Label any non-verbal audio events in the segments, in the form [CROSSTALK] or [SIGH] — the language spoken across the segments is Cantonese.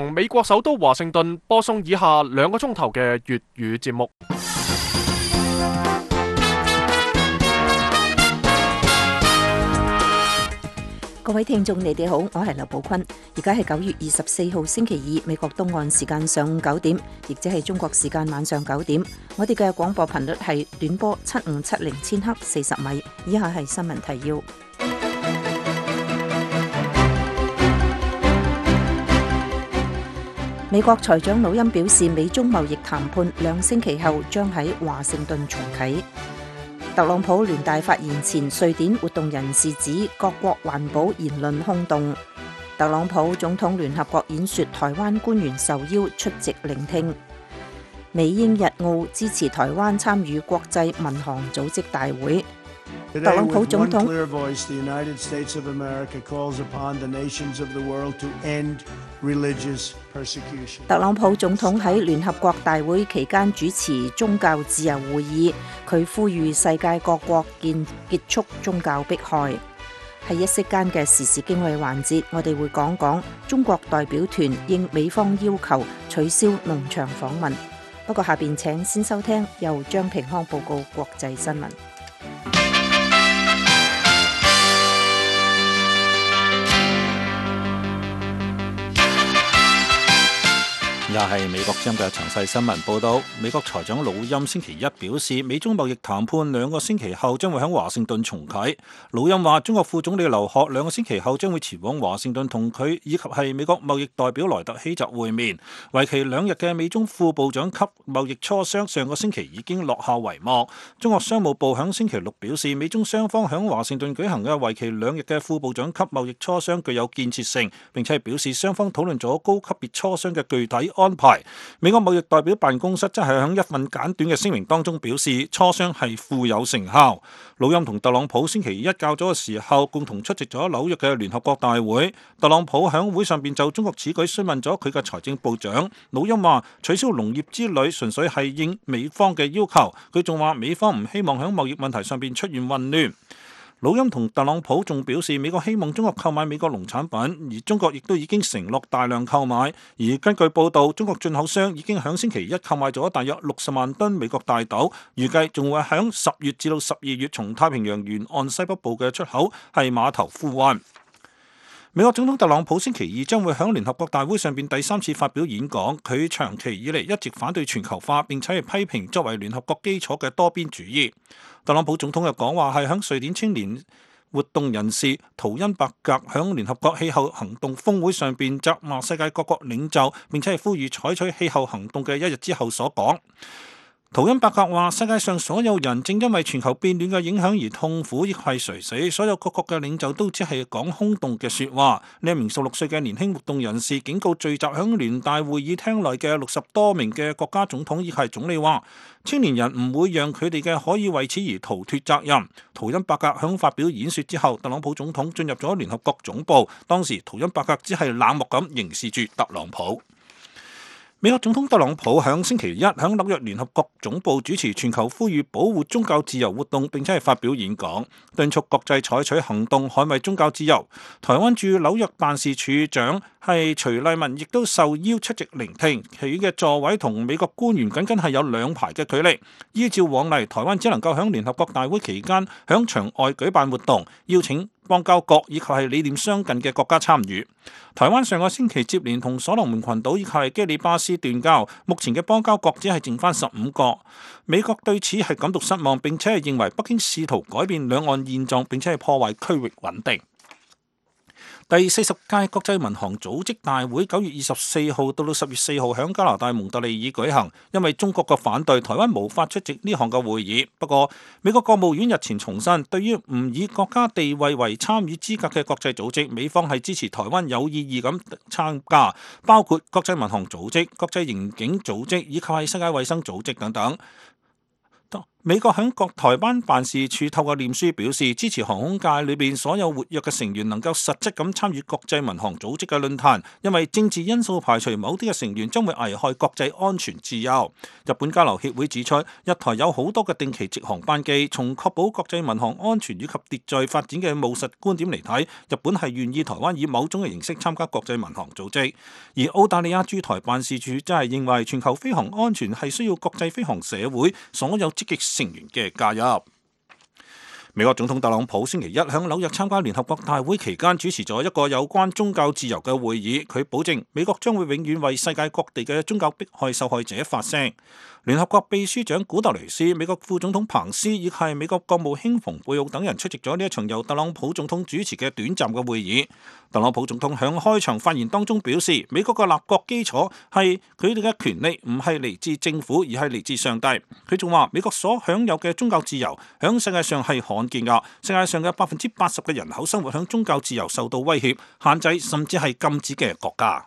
同美國首都華盛頓播送以下兩個鐘頭嘅粵語節目。各位聽眾，你哋好，我係劉寶坤，而家係九月二十四號星期二，美國東岸時間上午九點，亦即係中國時間晚上九點。我哋嘅廣播頻率係短波七五七零千赫四十米。以下係新聞提要。美國財長努欽表示，美中貿易談判兩星期後將喺華盛頓重啟。特朗普聯大發言前，瑞典活動人士指各國環保言論空洞。特朗普總統聯合國演說，台灣官員受邀出席聆聽。美英日澳支持台灣參與國際民航組織大會。特朗普總統喺聯合國大會期間主持宗教自由會議，佢呼籲世界各國見結束宗教迫害。喺一息間嘅時事經緯環節，我哋會講講中國代表團應美方要求取消農場訪問。不過下邊請先收聽由張平康報告國際新聞。又係美國新聞嘅詳細新聞報道。美國財長努欽星期一表示，美中貿易談判兩個星期後將會響華盛頓重啟。努欽話，中國副總理劉鶴兩個星期後將會前往華盛頓同佢以及係美國貿易代表萊特希澤會面。為期兩日嘅美中副部長級貿易磋商上個星期已經落下帷幕。中國商務部響星期六表示，美中雙方響華盛頓舉行嘅為期兩日嘅副部長級貿易磋商具有建設性，並且係表示雙方討論咗高級別磋商嘅具體。安排美國貿易代表辦公室則係響一份簡短嘅聲明當中表示，磋商係富有成效。老欽同特朗普星期一較早嘅時候共同出席咗紐約嘅聯合國大會，特朗普響會上邊就中國此舉詢問咗佢嘅財政部長。老欽話，取消農業之旅純粹係應美方嘅要求。佢仲話美方唔希望響貿易問題上邊出現混亂。老欽同特朗普仲表示，美國希望中國購買美國農產品，而中國亦都已經承諾大量購買。而根據報道，中國進口商已經響星期一購買咗大約六十萬噸美國大豆，預計仲會響十月至到十二月從太平洋沿岸西北部嘅出口係碼頭付運。美國總統特朗普星期二將會響聯合國大會上邊第三次發表演講，佢長期以嚟一直反對全球化，並且係批評作為聯合國基礎嘅多邊主義。特朗普總統又講話係響瑞典青年活動人士圖恩伯格響聯合國氣候行動峰會上邊責罵世界各國領袖，並且係呼籲採取氣候行動嘅一日之後所講。圖恩伯格話：世界上所有人正因為全球變暖嘅影響而痛苦，亦係垂死。所有各國嘅領袖都只係講空洞嘅說話。呢名十六歲嘅年輕活動人士警告聚集響聯大會議廳內嘅六十多名嘅國家總統亦係總理話：青年人唔會讓佢哋嘅可以為此而逃脱責任。圖恩伯格響發表演說之後，特朗普總統進入咗聯合國總部，當時圖恩伯格只係冷漠咁凝視住特朗普。美國總統特朗普響星期一響紐約聯合國總部主持全球呼籲保護宗教自由活動，並且係發表演講，敦促國際採取行動捍衞宗教自由。台灣駐紐約辦事處長係徐麗文，亦都受邀出席聆聽，其餘嘅座位同美國官員僅僅係有兩排嘅距離。依照往例，台灣只能夠響聯合國大會期間響場外舉辦活動，邀請邦交國以及係理念相近嘅國家參與。台灣上個星期接連同所羅門群島以及係基里巴斯斷交，目前嘅邦交國只係剩返十五個。美國對此係感到失望並且係認為北京試圖改變兩岸現狀並且係破壞區域穩定。第四十屆國際民航組織大會，九月二十四號到到十月四號響加拿大蒙特利爾舉行，因為中國嘅反對，台灣無法出席呢項嘅會議。不過，美國國務院日前重申，對於唔以國家地位為參與資格嘅國際組織，美方係支持台灣有意義咁參加，包括國際民航組織、國際刑警組織以及係世界衛生組織等等。美國喺國台灣辦事處透過臉書表示，支持航空界裏邊所有活躍嘅成員能夠實質咁參與國際民航組織嘅論壇，因為政治因素排除某啲嘅成員將會危害國際安全自由。日本交流協會指出，日台有好多嘅定期直航班機，從確保國際民航安全以及秩序發展嘅務實觀點嚟睇，日本係願意台灣以某種嘅形式參加國際民航組織。而澳大利亞駐台辦事處真係認為全球飛航安全係需要國際飛航社會所有積極。成員嘅加入。美國總統特朗普星期一喺紐約參加聯合國大會期間，主持咗一個有關宗教自由嘅會議。佢保證美國將會永遠為世界各地嘅宗教迫害受害者發聲。聯合國秘書長古特雷斯、美國副總統彭斯亦係美國國務卿蓬佩奧等人出席咗呢一場由特朗普總統主持嘅短暫嘅會議。特朗普總統喺開場發言當中表示，美國嘅立國基礎係佢哋嘅權利唔係嚟自政府，而係嚟自上帝。佢仲話，美國所享有嘅宗教自由喺世界上係罕見㗎，世界上嘅百分之八十嘅人口生活喺宗教自由受到威脅、限制甚至係禁止嘅國家。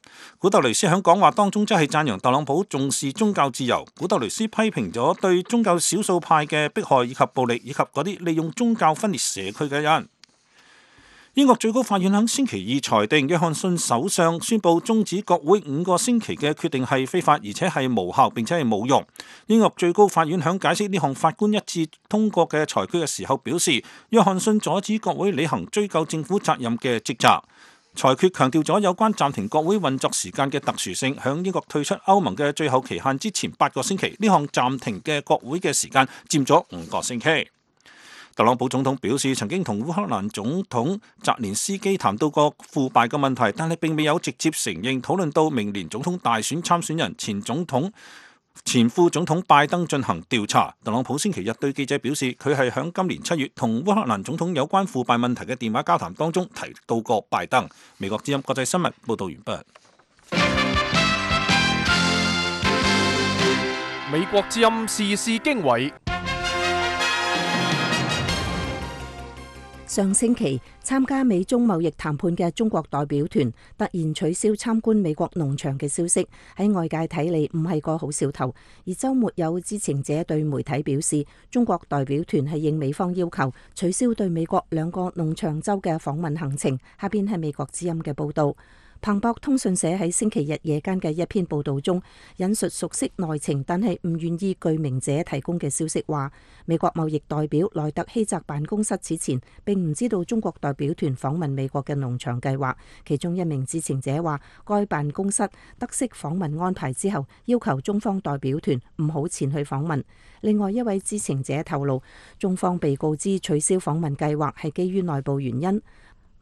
古特雷斯喺講話當中，真係讚揚特朗普重視宗教自由。古特雷斯批評咗對宗教少數派嘅迫害以及暴力，以及嗰啲利用宗教分裂社區嘅人。英國最高法院喺星期二裁定，約翰遜首相宣布終止國會五個星期嘅決定係非法，而且係無效，並且係冇用。英國最高法院喺解釋呢項法官一致通過嘅裁決嘅時候，表示約翰遜阻止國會履行追究政府責任嘅職責。裁決強調咗有關暫停國會運作時間嘅特殊性，喺英國退出歐盟嘅最後期限之前八個星期，呢項暫停嘅國會嘅時間佔咗五個星期。特朗普總統表示，曾經同烏克蘭總統澤連斯基談到過腐敗嘅問題，但係並未有直接承認，討論到明年總統大選參選人前總統、前副總統拜登進行調查，特朗普星期日對記者表示，佢係響今年七月同烏克蘭總統有關腐敗問題嘅電話交談當中提到過拜登。美國之音國際新聞報道完畢。美國之音時事經緯。上星期參加美中貿易談判嘅中國代表團突然取消參觀美國農場嘅消息，喺外界睇嚟唔係個好兆頭。而周末有知情者對媒體表示，中國代表團係應美方要求取消對美國兩個農場州嘅訪問行程。下邊係美國之音嘅報道。彭博通訊社喺星期日夜間嘅一篇報道中，引述熟悉內情但係唔願意具名者提供嘅消息，話美國貿易代表萊特希澤辦公室此前並唔知道中國代表團訪問美國嘅農場計劃，其中一名知情者話該辦公室得悉訪問安排之後要求中方代表團唔好前去訪問。另外一位知情者透露，中方被告知取消訪問計劃係基於內部原因。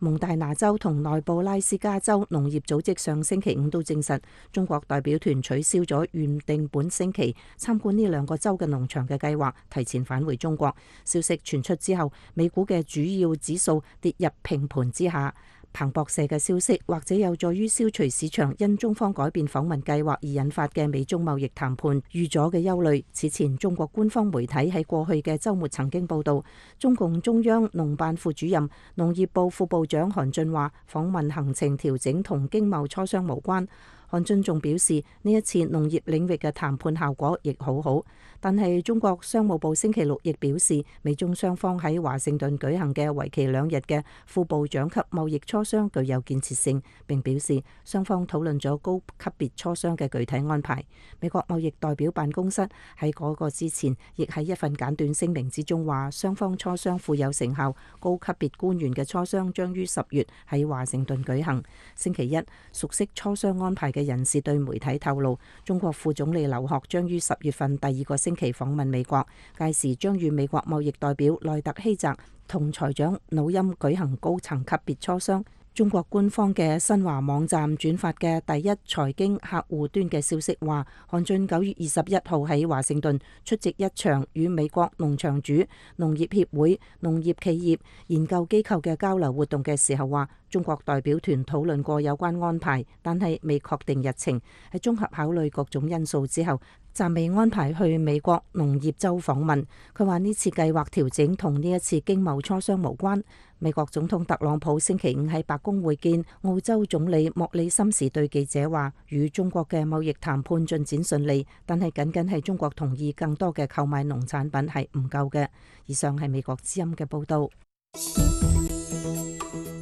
蒙大拿州同內布拉斯加州農業組織上星期五都證實，中國代表團取消咗原定本星期參觀呢兩個州嘅農場嘅計劃，提前返回中國。消息傳出之後，美股嘅主要指數跌入平盤之下。彭博社嘅消息，或者有助於消除市場因中方改變訪問計劃而引發嘅美中貿易談判遇阻嘅憂慮。此前，中國官方媒體喺過去嘅周末曾經報道，中共中央農辦副主任、農業部副部長韓俊話訪問行程調整同經貿磋商無關，韓俊仲表示，呢一次農業領域嘅談判效果亦好好。但係，中國商務部星期六亦表示，美中雙方喺華盛頓舉行嘅為期兩日嘅副部長級貿易磋商具有建設性，並表示雙方討論咗高級別磋商嘅具體安排。美國貿易代表辦公室喺嗰個之前，亦喺一份簡短聲明之中話，雙方磋商富有成效，高級別官員嘅磋商將於十月喺華盛頓舉行。星期一，熟悉磋商安排嘅人士對媒體透露，中國副總理劉鶴將於十月份第二個星。近期訪問美國，屆時將與美國貿易代表內特希澤同財長努欽舉行高層級別磋商。中國官方嘅新華網站轉發嘅第一財經客戶端嘅消息話，韓俊九月二十一號喺華盛頓出席一場與美國農場主、農業協會、農業企業、研究機構嘅交流活動嘅時候話，中國代表團討論過有關安排，但係未確定日程，喺綜合考慮各種因素之後。暫未安排去美國農業州訪問。佢話呢次計劃調整同呢一次經貿磋商無關。美國總統特朗普星期五喺白宮會見澳洲總理莫里森時，對記者話，與中國嘅貿易談判進展順利，但係僅僅係中國同意更多嘅購買農產品係唔夠嘅。以上係美國之音嘅報道。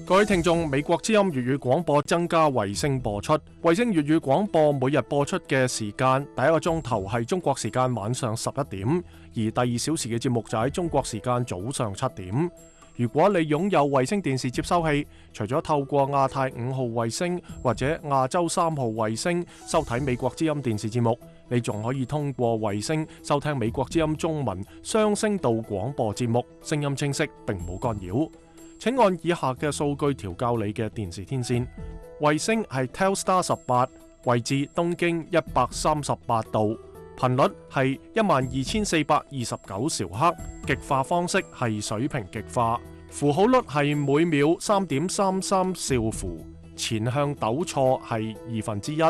各位聽眾，美國之音粵語廣播增加衛星播出。衛星粵語廣播每日播出嘅時間第一個鐘頭係中國時間晚上十一點，而第二小時嘅節目就喺中國時間早上七點。如果你擁有衛星電視接收器，除咗透過亞太五號衛星或者亞洲三號衛星收睇美國之音電視節目，你仲可以通過衛星收聽美國之音中文雙聲道廣播節目，聲音清晰，並冇干擾。請按以下嘅數據調校你嘅電視天線。衛星係 Telstar 十八，位置東經，一百三十八度，頻率係一萬二千四百二十九兆赫，極化方式係水平極化，符號率係每秒三點三三兆符，前向抖錯係二分之一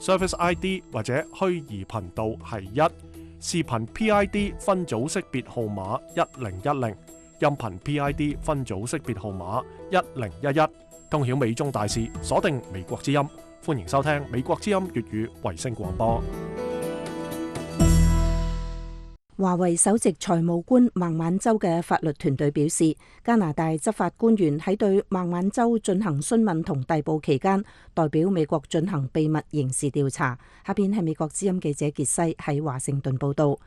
，Service ID 或者虛擬頻道係一，視頻 PID 分組識別號碼一零一零。音頻 PID 分組識別號碼一零一一。通曉美中大事，鎖定美國之音，歡迎收聽美國之音粵語衛星廣播。華為首席財務官孟晚舟嘅法律團隊表示，加拿大執法官員喺對孟晚舟進行詢問同逮捕期間，代表美國進行秘密刑事調查。下邊係美國之音記者杰西喺華盛頓報道。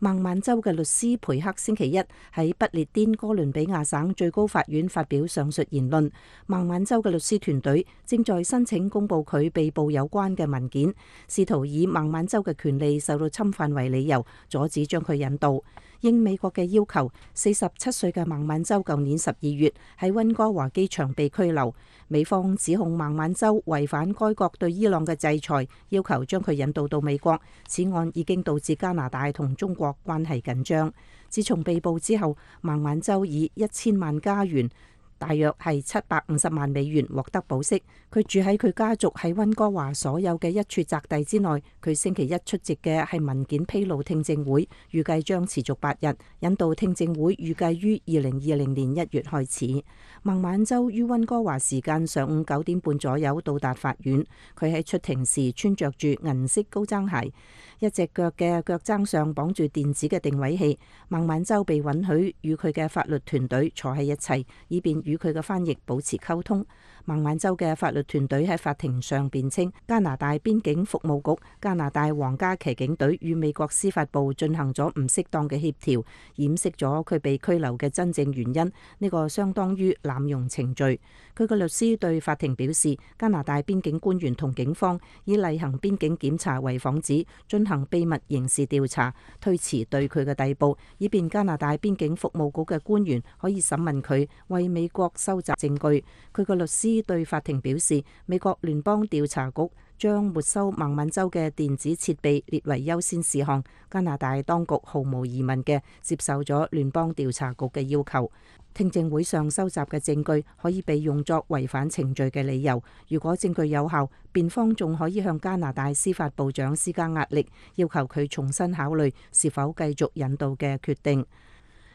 孟晚舟嘅律師培克星期一喺不列顛哥倫比亞省最高法院發表上述言論。孟晚舟嘅律師團隊正在申請公佈佢被捕有關嘅文件，試圖以孟晚舟嘅權利受到侵犯為理由，阻止將佢引渡。應美國嘅要求，四十七歲嘅孟晚舟舊年十二月喺溫哥華機場被拘留，美方指控孟晚舟違反該國對伊朗嘅制裁，要求將佢引渡到美國。此案已經導致加拿大同中國關係緊張。自從被捕之後，孟晚舟以一千萬加元（大約係七百五十萬美元）獲得保釋。佢住喺佢家族喺溫哥華所有嘅一處宅地之內。佢星期一出席嘅係文件披露聽證會，預計將持續八日。引渡聽證會預計於二零二零年一月開始。孟晚舟於溫哥華時間上午九點半左右到達法院。佢喺出庭時穿着住銀色高踭鞋，一隻腳嘅腳踭上綁住電子嘅定位器。孟晚舟被允許與佢嘅法律團隊坐喺一齊，以便與佢嘅翻譯保持溝通。孟晚舟嘅法律團隊喺法庭上辯稱，加拿大邊境服務局、加拿大皇家騎警隊與美國司法部進行咗唔適當嘅協調，掩飾咗佢被拘留嘅真正原因，呢個相當於濫用程序。佢個律師對法庭表示，加拿大邊境官員同警方以例行邊境檢查為幌子，進行秘密刑事調查，推遲對佢嘅逮捕，以便加拿大邊境服務局嘅官員可以審問佢，為美國收集證據。佢個律師對法庭表示，美國聯邦調查局將沒收孟晚舟嘅電子設備列為優先事項。加拿大當局毫無疑問嘅接受咗聯邦調查局嘅要求。聽證會上收集嘅證據可以被用作違反程序嘅理由。如果證據有效，辯方仲可以向加拿大司法部長施加壓力，要求佢重新考慮是否繼續引渡嘅決定。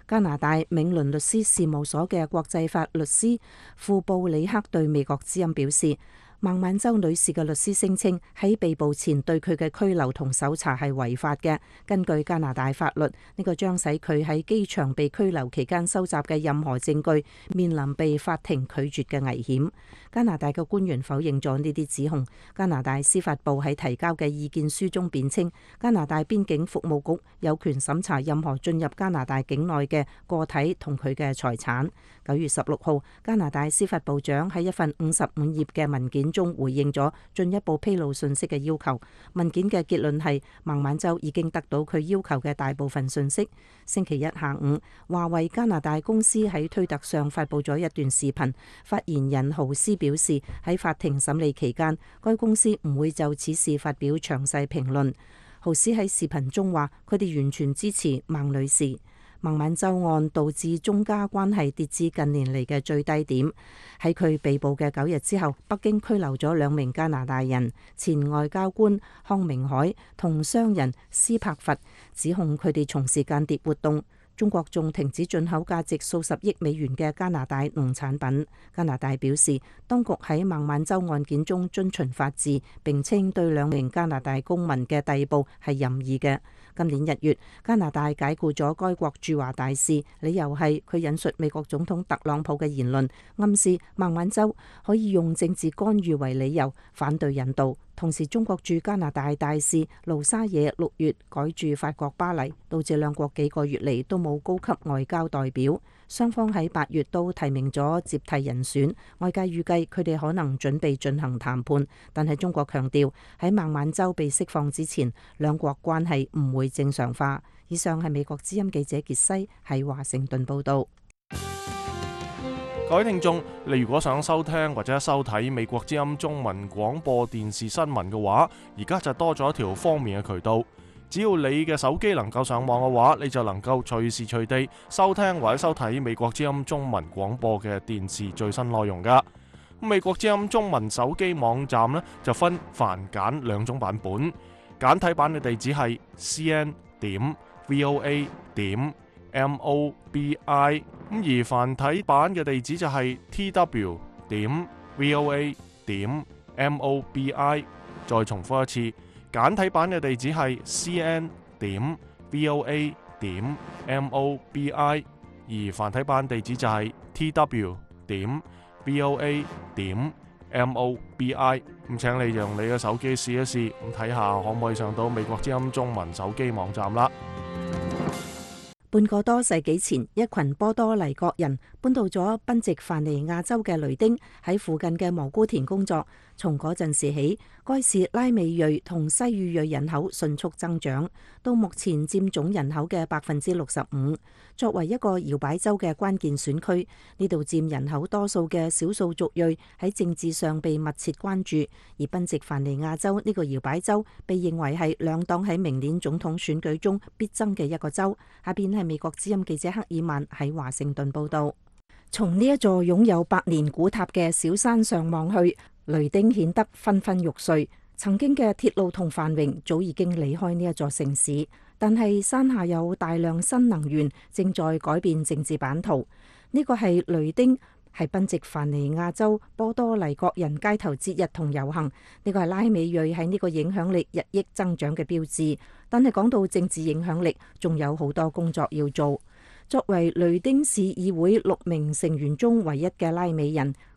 加拿大明倫律師事務所嘅國際法律師庫布里克對美國之音表示，孟晚舟女士嘅律師聲稱喺被捕前對佢嘅拘留同搜查係違法嘅。根據加拿大法律，呢個將使佢喺機場被拘留期間收集嘅任何證據面臨被法庭拒絕嘅危險。加拿大嘅官員否認咗呢啲指控。加拿大司法部喺提交嘅意見書中辯稱，加拿大邊境服務局有權審查任何進入加拿大境內嘅個體同佢嘅財產。九月十六號，加拿大司法部長喺一份五十五頁嘅文件中回應咗進一步披露信息嘅要求。文件嘅結論係，孟晚舟已經得到佢要求嘅大部分信息。星期一下午，華為加拿大公司喺推特上發佈咗一段視頻，發言人豪斯。表示喺法庭審理期間，該公司唔會就此事發表詳細評論。豪斯喺視頻中話，佢哋完全支持孟女士。孟晚舟案導致中加關係跌至近年嚟嘅最低點。喺佢被捕嘅九日之後，北京拘留咗兩名加拿大人，前外交官康明凱同商人斯柏佛，指控佢哋從事間諜活動。中國仲停止進口價值數十億美元嘅加拿大農產品。加拿大表示，當局喺孟晚舟案件中遵循法治，並稱對兩名加拿大公民嘅逮捕係任意嘅。今年一月，加拿大解僱咗該國駐華大使，理由係佢引述美國總統特朗普嘅言論，暗示孟晚舟可以用政治干預為理由反對引渡，同時中國駐加拿大大使盧沙野六月改駐法國巴黎，導致兩國幾個月嚟都冇高級外交代表。雙方喺八月都提名咗接替人選，外界預計佢哋可能準備進行談判，但係中國強調喺孟晚舟被釋放之前，兩國關係唔會正常化。以上係美國之音記者傑西喺華盛頓報道。各位聽眾，你如果想收聽或者收睇美國之音中文廣播電視新聞嘅話，而家就多咗一條方面嘅渠道。只要你嘅手機能夠上網嘅話，你就能夠隨時隨地收聽或者收睇美國之音中文廣播嘅電視最新內容㗎。美國之音中文手機網站呢，就分繁簡兩種版本，簡體版嘅地址係 cn 點 voa 點 mobi，而繁體版嘅地址就係 tw 點 voa 點 mobi。再重複一次。簡體版嘅地址係 cn 點 voa 點 mobi，而繁體版地址就係 tw 點 voa 點 mobi。咁請你用你嘅手機試一試，咁睇下可唔可以上到美國之音中文手機網站啦。半個多世紀前，一群波多黎各人搬到咗賓夕凡尼亞州嘅雷丁，喺附近嘅蘑菇田工作。從嗰陣時起，該市拉美裔同西裔裔人口迅速增長，到目前佔總人口嘅百分之六十五。作為一個搖擺州嘅關鍵選區，呢度佔人口多數嘅少數族裔喺政治上被密切關注。而賓夕凡尼亞州呢個搖擺州被認為係兩黨喺明年總統選舉中必爭嘅一個州。下邊係美國之音記者克爾曼喺華盛頓報道。從呢一座擁有百年古塔嘅小山上望去。雷丁顯得昏昏欲睡，曾經嘅鐵路同繁榮早已經離開呢一座城市，但係山下有大量新能源正在改變政治版圖。呢個係雷丁，係賓夕凡尼亞州波多黎各人街頭節日同遊行，呢個係拉美裔喺呢個影響力日益增長嘅標誌。但係講到政治影響力，仲有好多工作要做。作為雷丁市議會六名成員中唯一嘅拉美人。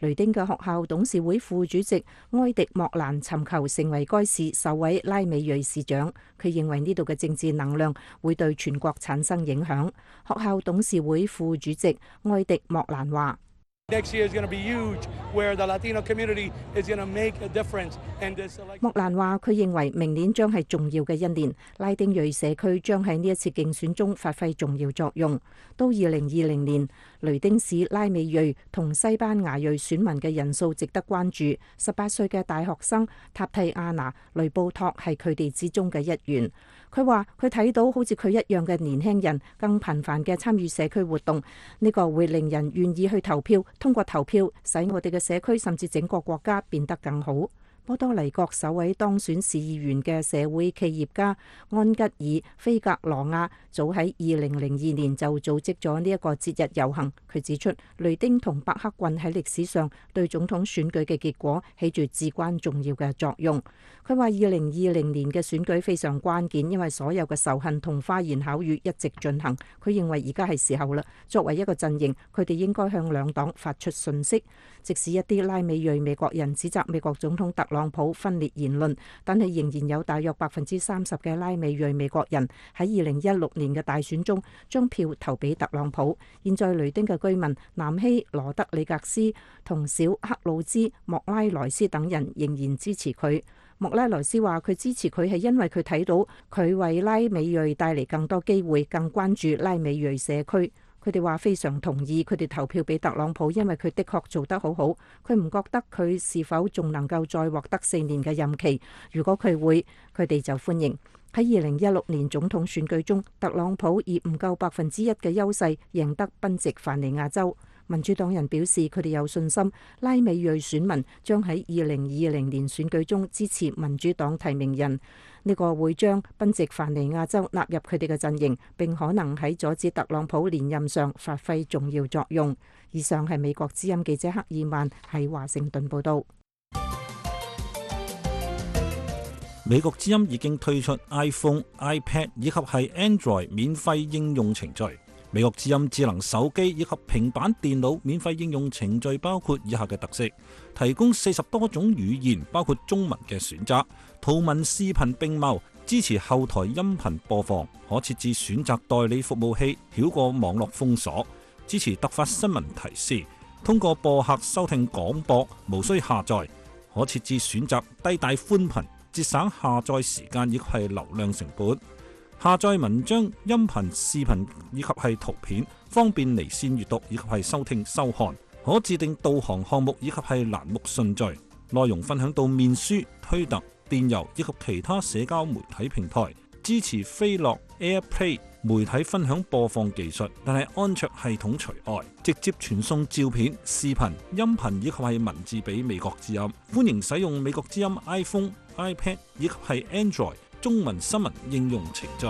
雷丁嘅學校董事會副主席埃迪莫蘭尋求成為該市首位拉美裔市長。佢認為呢度嘅政治能量會對全國產生影響。學校董事會副主席埃迪莫蘭話：莫蘭話：佢認為明年將係重要嘅一年，拉丁裔社區將喺呢一次競選中發揮重要作用。到二零二零年，雷丁市拉美裔同西班牙裔選民嘅人數值得關注。十八歲嘅大學生塔蒂亞娜·雷布托係佢哋之中嘅一員。佢話：佢睇到好似佢一樣嘅年輕人，更頻繁嘅參與社區活動，呢個會令人願意去投票，通過投票使我哋嘅社區甚至整個國家變得更好。波多黎各首位當選市議員嘅社會企業家安吉爾菲格羅亞早喺二零零二年就組織咗呢一個節日遊行。佢指出，雷丁同伯克郡喺歷史上對總統選舉嘅結果起住至關重要嘅作用。佢話：二零二零年嘅選舉非常關鍵，因為所有嘅仇恨同花言巧語一直進行。佢認為而家係時候啦。作為一個陣營，佢哋應該向兩黨發出訊息。即使一啲拉美裔美國人指責美國總統特朗特朗普分裂言論，但係仍然有大約百分之三十嘅拉美裔美國人喺二零一六年嘅大選中將票投俾特朗普。現在雷丁嘅居民南希羅德里格斯同小克魯茲莫拉萊斯等人仍然支持佢。莫拉萊斯話：佢支持佢係因為佢睇到佢為拉美裔帶嚟更多機會，更關注拉美裔社區。佢哋話非常同意，佢哋投票俾特朗普，因為佢的確做得好好。佢唔覺得佢是否仲能夠再獲得四年嘅任期。如果佢會，佢哋就歡迎。喺二零一六年總統選舉中，特朗普以唔夠百分之一嘅優勢贏得賓夕凡尼亞州。民主黨人表示佢哋有信心，拉美裔選民將喺二零二零年選舉中支持民主黨提名人。呢個會將賓夕凡尼亞州納入佢哋嘅陣營，並可能喺阻止特朗普連任上發揮重要作用。以上係美國之音記者克爾曼喺華盛頓報道。美國之音已經推出 iPhone、iPad 以及係 Android 免費應用程序。美國之音智能手機以及平板電腦免費應用程序包括以下嘅特色：提供四十多種語言，包括中文嘅選擇；圖文視頻並茂，支持後台音頻播放；可設置選擇代理服務器，繞過網絡封鎖；支持突發新聞提示；通過播客收聽廣播，無需下載；可設置選擇低帶寬頻，節省下載時間亦係流量成本。下載文章、音頻、視頻以及係圖片，方便離線閱讀以及係收聽收看。可制定導航項目以及係欄目順序。內容分享到面書、推特、電郵以及其他社交媒體平台。支持飛樂 AirPlay 媒體分享播放技術，但係安卓系統除外。直接傳送照片、視頻、音頻以及係文字俾美國之音。歡迎使用美國之音 iPhone、iPad 以及係 Android。中文新聞應用程序。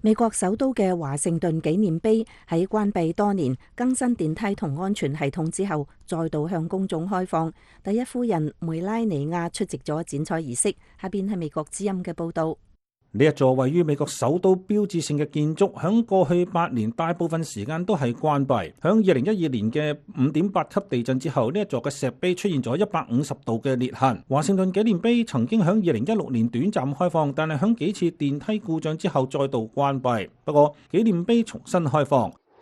美國首都嘅華盛頓紀念碑喺關閉多年、更新電梯同安全系統之後，再度向公眾開放。第一夫人梅拉尼亞出席咗剪彩儀式。下邊係美國之音嘅報導。呢一座位於美國首都標誌性嘅建築，喺過去八年大部分時間都係關閉。喺二零一二年嘅五點八級地震之後，呢一座嘅石碑出現咗一百五十度嘅裂痕。華盛頓紀念碑曾經喺二零一六年短暫開放，但係喺幾次電梯故障之後再度關閉。不過紀念碑重新開放。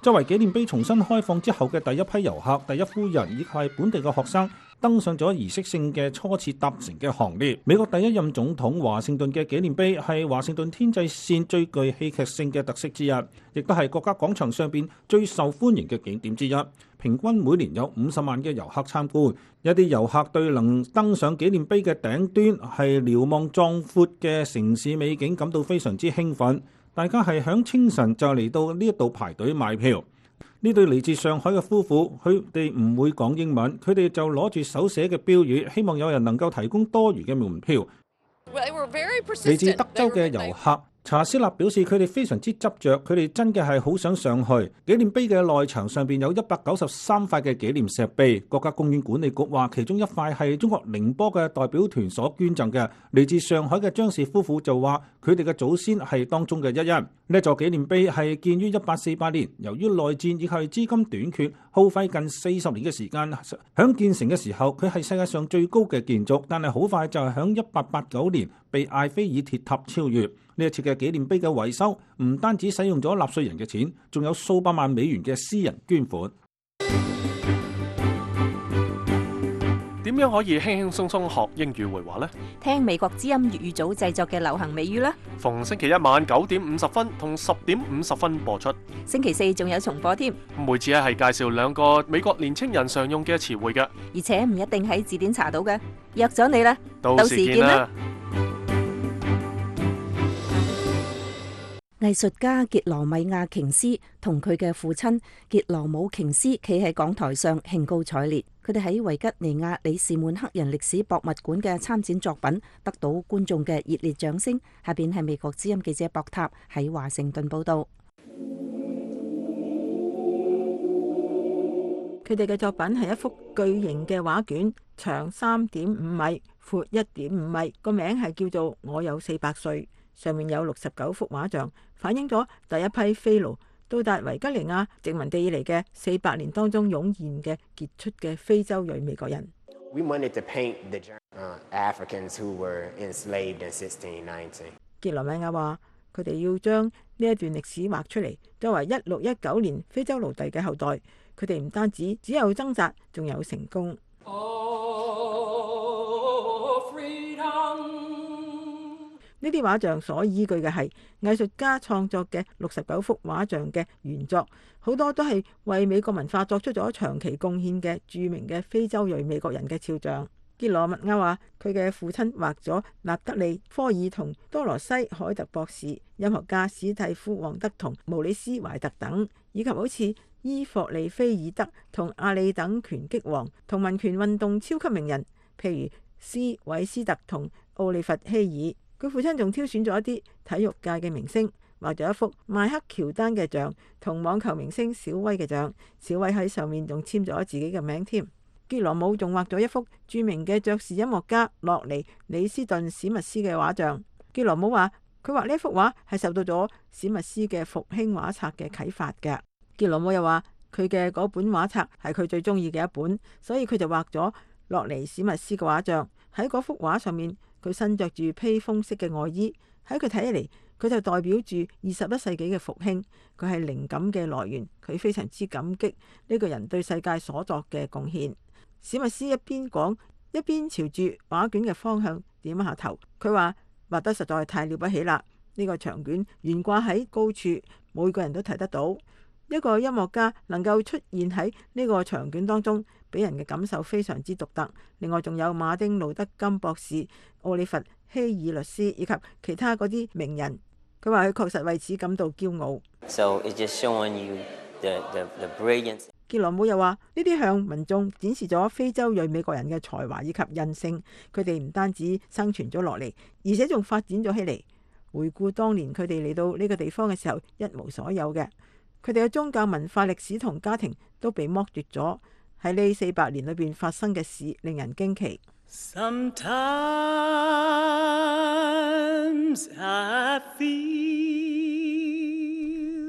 作為紀念碑重新開放之後嘅第一批遊客，第一夫人以及係本地嘅學生，登上咗儀式性嘅初次搭乘嘅行列。美國第一任總統華盛頓嘅紀念碑係華盛頓天際線最具戲劇性嘅特色之一，亦都係國家廣場上邊最受歡迎嘅景點之一。平均每年有五十萬嘅遊客參觀，一啲遊客對能登上紀念碑嘅頂端，係瞭望壯闊嘅城市美景感到非常之興奮。大家係響清晨就嚟到呢一度排隊買票。呢對嚟自上海嘅夫婦，佢哋唔會講英文，佢哋就攞住手寫嘅標語，希望有人能夠提供多餘嘅門票。嚟自德州嘅遊客。查斯納表示，佢哋非常之執着，佢哋真嘅係好想上去紀念碑嘅內牆上邊有一百九十三塊嘅紀念石碑。國家公園管理局話，其中一塊係中國寧波嘅代表團所捐贈嘅。嚟自上海嘅張氏夫婦就話，佢哋嘅祖先係當中嘅一人。呢座紀念碑係建於一八四八年，由於內戰以及資金短缺，耗費近四十年嘅時間。響建成嘅時候，佢係世界上最高嘅建築，但係好快就係響一八八九年被艾菲爾鐵塔超越。呢一次嘅紀念碑嘅維修，唔單止使用咗納稅人嘅錢，仲有數百萬美元嘅私人捐款。 [NOISE] 點樣可以輕輕鬆鬆學英語會話呢？聽美國之音粵語組製作嘅流行美語啦。逢星期一晚九點五十分同十點五十分播出。星期四仲有重播添。每次啊，係介紹兩個美國年青人常用嘅詞彙嘅，而且唔一定喺字典查到嘅。約咗你啦，到時見啦。藝術家傑羅米亞瓊斯同佢嘅父親傑羅姆瓊斯企喺講台上興高采烈。佢哋喺維吉尼亞李士滿黑人歷史博物館嘅參展作品得到觀眾嘅熱烈掌聲。下邊係美國之音記者博塔喺華盛頓報道。佢哋嘅作品係一幅巨型嘅畫卷，長三點五米，闊一點五米，個名係叫做《我有四百歲》。上面有六十九幅畫像，反映咗第一批非奴到達維吉尼亞殖民地以嚟嘅四百年當中湧現嘅傑出嘅非洲裔美國人。We wanted to paint the Africans who were enslaved in 1619. 傑羅梅亞話：佢哋要將呢一段歷史畫出嚟，作為一六一九年非洲奴隸嘅後代，佢哋唔單止只有掙扎，仲有成功。呢啲畫像所依據嘅係藝術家創作嘅六十九幅畫像嘅原作，好多都係為美國文化作出咗長期貢獻嘅著名嘅非洲裔美國人嘅肖像。傑羅密歐話：佢嘅父親畫咗納德利、科爾同多羅西海特博士、音樂家史蒂夫王德同毛里斯懷特等，以及好似伊霍利菲爾德同阿里等拳擊王同民權運動超級名人，譬如斯韋斯特同奧利弗希爾。佢父親仲挑選咗一啲體育界嘅明星，畫咗一幅麥克喬丹嘅像，同網球明星小威嘅像。小威喺上面仲簽咗自己嘅名添。傑羅姆仲畫咗一幅著名嘅爵士音樂家洛尼李斯頓史密斯嘅畫像。傑羅姆話：佢畫呢幅畫係受到咗史密斯嘅復興畫冊嘅啟發嘅。傑羅姆又話：佢嘅嗰本畫冊係佢最中意嘅一本，所以佢就畫咗洛尼史密斯嘅畫像喺嗰幅畫上面。佢身着住披風式嘅外衣，喺佢睇起嚟，佢就代表住二十一世紀嘅復興。佢係靈感嘅來源，佢非常之感激呢個人對世界所作嘅貢獻。史密斯一邊講，一邊朝住畫卷嘅方向點一下頭。佢話畫得實在太了不起啦！呢個長卷懸掛喺高處，每個人都睇得到。一個音樂家能夠出現喺呢個長卷當中，俾人嘅感受非常之獨特。另外仲有馬丁路德金博士、奧利弗希爾律師以及其他嗰啲名人，佢話佢確實為此感到驕傲。傑羅姆又話：呢啲向民眾展示咗非洲裔美國人嘅才華以及韌性。佢哋唔單止生存咗落嚟，而且仲發展咗起嚟。回顧當年佢哋嚟到呢個地方嘅時候，一無所有嘅。佢哋嘅宗教文化歷史同家庭都被剝奪咗。喺呢四百年裏邊發生嘅事令人驚奇。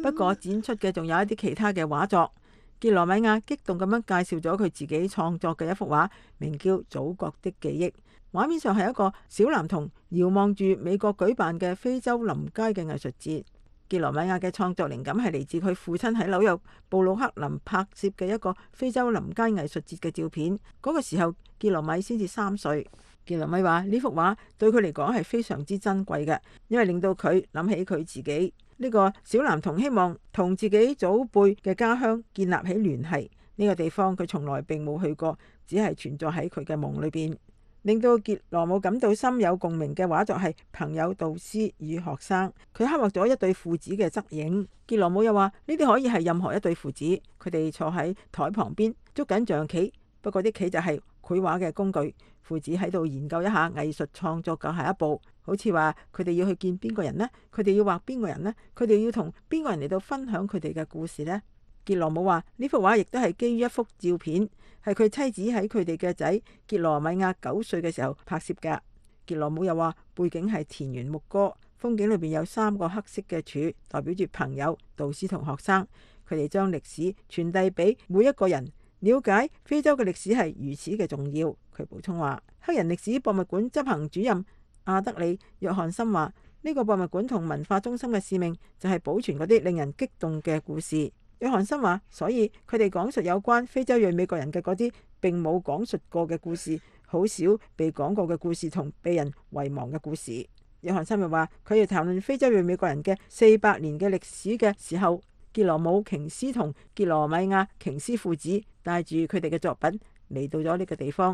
不過展出嘅仲有一啲其他嘅畫作。傑羅米亞激動咁樣介紹咗佢自己創作嘅一幅畫，名叫《祖國的記憶》。畫面上係一個小男童遙望住美國舉辦嘅非洲臨街嘅藝術節。傑羅米亞嘅創作靈感係嚟自佢父親喺紐約布魯克林拍攝嘅一個非洲臨街藝術節嘅照片。嗰、那個時候羅，傑羅米先至三歲。傑羅米話呢幅畫對佢嚟講係非常之珍貴嘅，因為令到佢諗起佢自己呢、這個小男童希望同自己祖輩嘅家鄉建立起聯繫。呢、這個地方佢從來並冇去過，只係存在喺佢嘅夢裏邊。令到傑羅姆感到深有共鳴嘅畫作係《朋友導師與學生》，佢刻畫咗一對父子嘅側影。傑羅姆又話呢啲可以係任何一對父子，佢哋坐喺台旁邊捉緊象棋，不過啲棋就係繪畫嘅工具。父子喺度研究一下藝術創作嘅下一步，好似話佢哋要去見邊個人呢？佢哋要畫邊個人呢？佢哋要同邊個人嚟到分享佢哋嘅故事呢？傑羅姆話呢幅畫亦都係基於一幅照片。係佢妻子喺佢哋嘅仔傑羅米亞九歲嘅時候拍攝嘅。傑羅姆又話背景係田園牧歌，風景裏邊有三個黑色嘅柱，代表住朋友、導師同學生。佢哋將歷史傳遞俾每一個人，了解非洲嘅歷史係如此嘅重要。佢補充話：黑人歷史博物館執行主任阿德里約翰森話，呢個博物館同文化中心嘅使命就係保存嗰啲令人激動嘅故事。約翰森話，所以佢哋講述有關非洲裔美國人嘅嗰啲，並冇講述過嘅故事，好少被講過嘅故事同被人遺忘嘅故事。約翰森又話，佢哋談論非洲裔美國人嘅四百年嘅歷史嘅時候，杰羅姆瓊斯同杰羅米亞瓊斯父子帶住佢哋嘅作品嚟到咗呢個地方。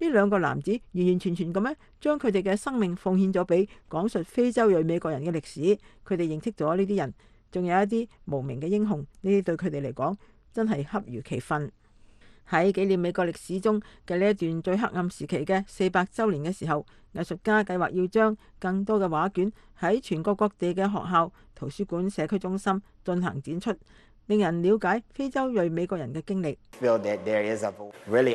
呢兩個男子完完全全咁樣將佢哋嘅生命奉獻咗俾講述非洲裔美國人嘅歷史，佢哋認識咗呢啲人。仲有一啲無名嘅英雄，呢啲對佢哋嚟講真係恰如其分。喺紀念美國歷史中嘅呢一段最黑暗時期嘅四百週年嘅時候，藝術家計劃要將更多嘅畫卷喺全國各地嘅學校、圖書館、社區中心進行展出，令人了解非洲裔美國人嘅經歷。杰、really、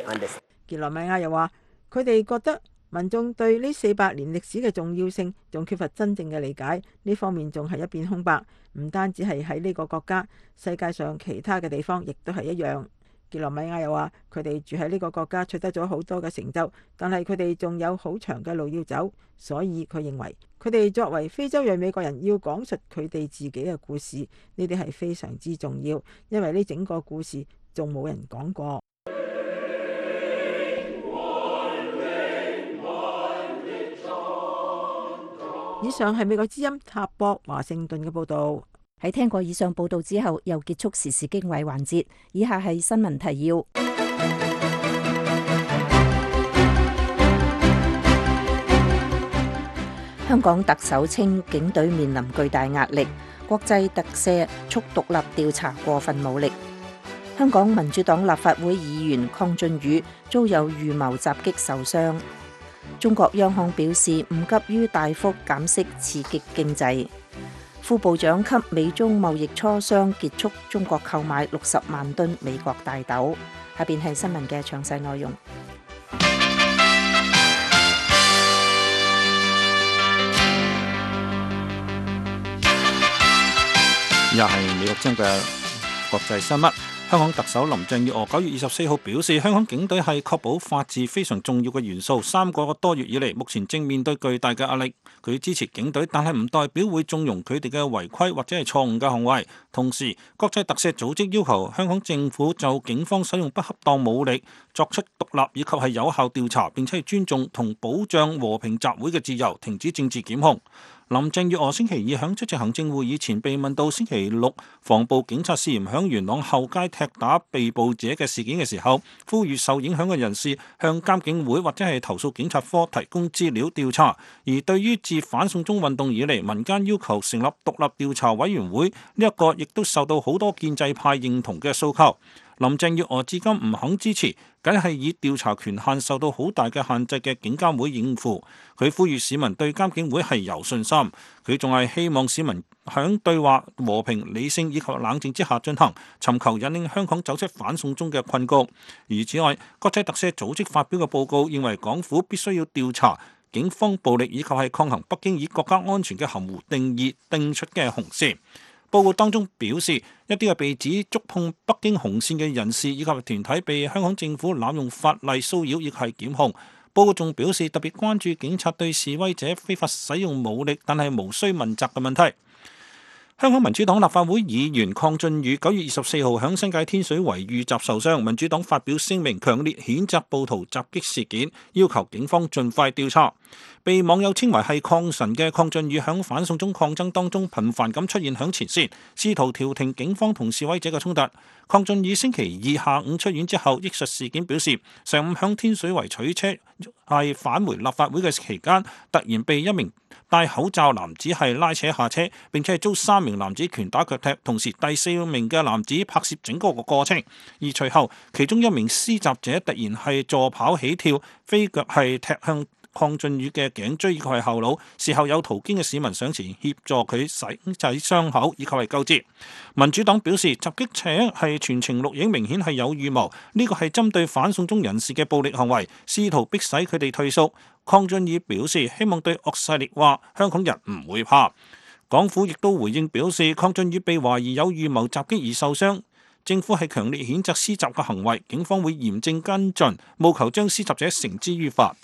羅米亞又話：佢哋覺得。民眾對呢四百年歷史嘅重要性仲缺乏真正嘅理解，呢方面仲係一片空白。唔單止係喺呢個國家，世界上其他嘅地方亦都係一樣。傑羅米亞又話，佢哋住喺呢個國家取得咗好多嘅成就，但係佢哋仲有好長嘅路要走。所以佢認為，佢哋作為非洲裔美國人，要講述佢哋自己嘅故事，呢啲係非常之重要，因為呢整個故事仲冇人講過。以上係美國之音塔博華盛頓嘅報道。喺聽過以上報道之後，又結束時事經緯環節。以下係新聞提要： [MUSIC] 香港特首稱警隊面臨巨大壓力，國際特赦促獨立調查過分武力。香港民主黨立法會議員鄺俊宇遭有預謀襲擊受傷。中國央行表示唔急於大幅減息刺激經濟。副部長級美中貿易磋商結束，中國購買六十萬噸美國大豆。下邊係新聞嘅詳細內容。又係美國將嘅國際商品。香港特首林鄭月娥九月二十四號表示，香港警隊係確保法治非常重要嘅元素。三個多月以嚟，目前正面對巨大嘅壓力。佢支持警隊，但係唔代表會縱容佢哋嘅違規或者係錯誤嘅行為。同時，國際特赦組織要求香港政府就警方使用不恰當武力作出獨立以及係有效調查，並且係尊重同保障和平集會嘅自由，停止政治檢控。林鄭月娥星期二響出席行政會議前被問到星期六防暴警察涉嫌響元朗後街踢打被捕者嘅事件嘅時候，呼籲受影響嘅人士向監警會或者係投訴警察科提供資料調查。而對於自反送中運動以嚟，民間要求成立獨立調查委員會呢一個，亦都受到好多建制派認同嘅訴求。林鄭月娥至今唔肯支持，梗係以調查權限受到好大嘅限制嘅警監會應付。佢呼籲市民對監警會係有信心。佢仲係希望市民響對話、和平、理性以及冷靜之下進行，尋求引領香港走出反送中嘅困局。而此外，國際特赦組織發表嘅報告認為，港府必須要調查警方暴力以及係抗衡北京以國家安全嘅含糊定義定出嘅紅線。報告當中表示，一啲係被指觸碰北京紅線嘅人士以及團體被香港政府濫用法例騷擾，亦係檢控。報告仲表示，特別關注警察對示威者非法使用武力，但係無需問責嘅問題。香港民主黨立法會議員鄺俊宇九月二十四號喺新界天水圍遇襲受傷，民主黨發表聲明，強烈譴責暴徒襲擊事件，要求警方盡快調查。被網友稱為係抗神嘅鄺俊宇喺反送中抗爭當中頻繁咁出現喺前線，試圖調停警方同示威者嘅衝突。鄺俊宇星期二下午出院之後，憶述事件表示，上午喺天水圍取車係返回立法會嘅期間，突然被一名戴口罩男子係拉扯下車，並且係遭三名男子拳打腳踢，同時第四名嘅男子拍攝整個個過程。而隨後，其中一名施襲者突然係助跑起跳，飛腳係踢向鄺俊宇嘅頸椎以及佢後腦，事後有途經嘅市民上前協助佢洗洗傷口以及係救治。民主黨表示襲擊者係全程錄影，明顯係有預謀，呢個係針對反送中人士嘅暴力行為，試圖迫使佢哋退縮。鄺俊宇表示希望對惡勢力話香港人唔會怕。港府亦都回應表示，鄺俊宇被懷疑有預謀襲擊而受傷，政府係強烈譴責施襲嘅行為，警方會嚴正跟進，務求將施襲者繩之於法。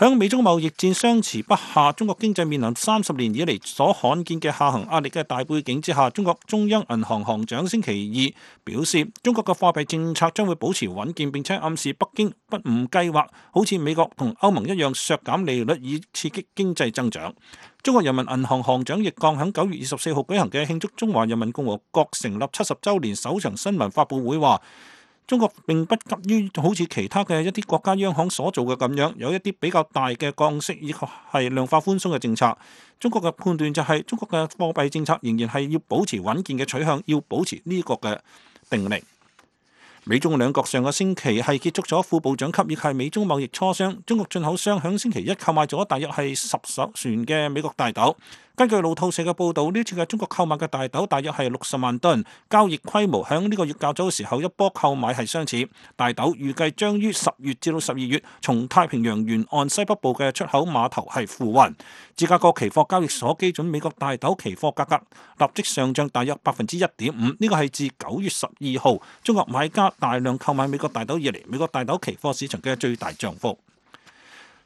喺美中貿易戰相持不下，中國經濟面臨三十年以嚟所罕見嘅下行壓力嘅大背景之下，中國中央銀行行長星期二表示，中國嘅貨幣政策將會保持穩健，並且暗示北京不唔計劃好似美國同歐盟一樣削減利率以刺激經濟增長。中國人民銀行行長易綱喺九月二十四號舉行嘅慶祝中華人民共和國成立七十週年首場新聞發布會話。中國並不急於好似其他嘅一啲國家央行所做嘅咁樣，有一啲比較大嘅降息，以及係量化寬鬆嘅政策。中國嘅判斷就係中國嘅貨幣政策仍然係要保持穩健嘅取向，要保持呢個嘅定力。美中兩國上個星期係結束咗副部長級，亦係美中貿易磋商。中國進口商響星期一購買咗大約係十艘船嘅美國大豆。根據路透社嘅報道，呢次嘅中國購買嘅大豆大約係六十萬噸，交易規模響呢個月較早嘅時候一波購買係相似。大豆預計將於十月至到十二月從太平洋沿岸西北部嘅出口碼頭係付運。芝加哥期貨交易所基準美國大豆期貨價格立即上漲大約百分之一點五，呢個係自九月十二號中國買家大量購買美國大豆以嚟美國大豆期貨市場嘅最大漲幅。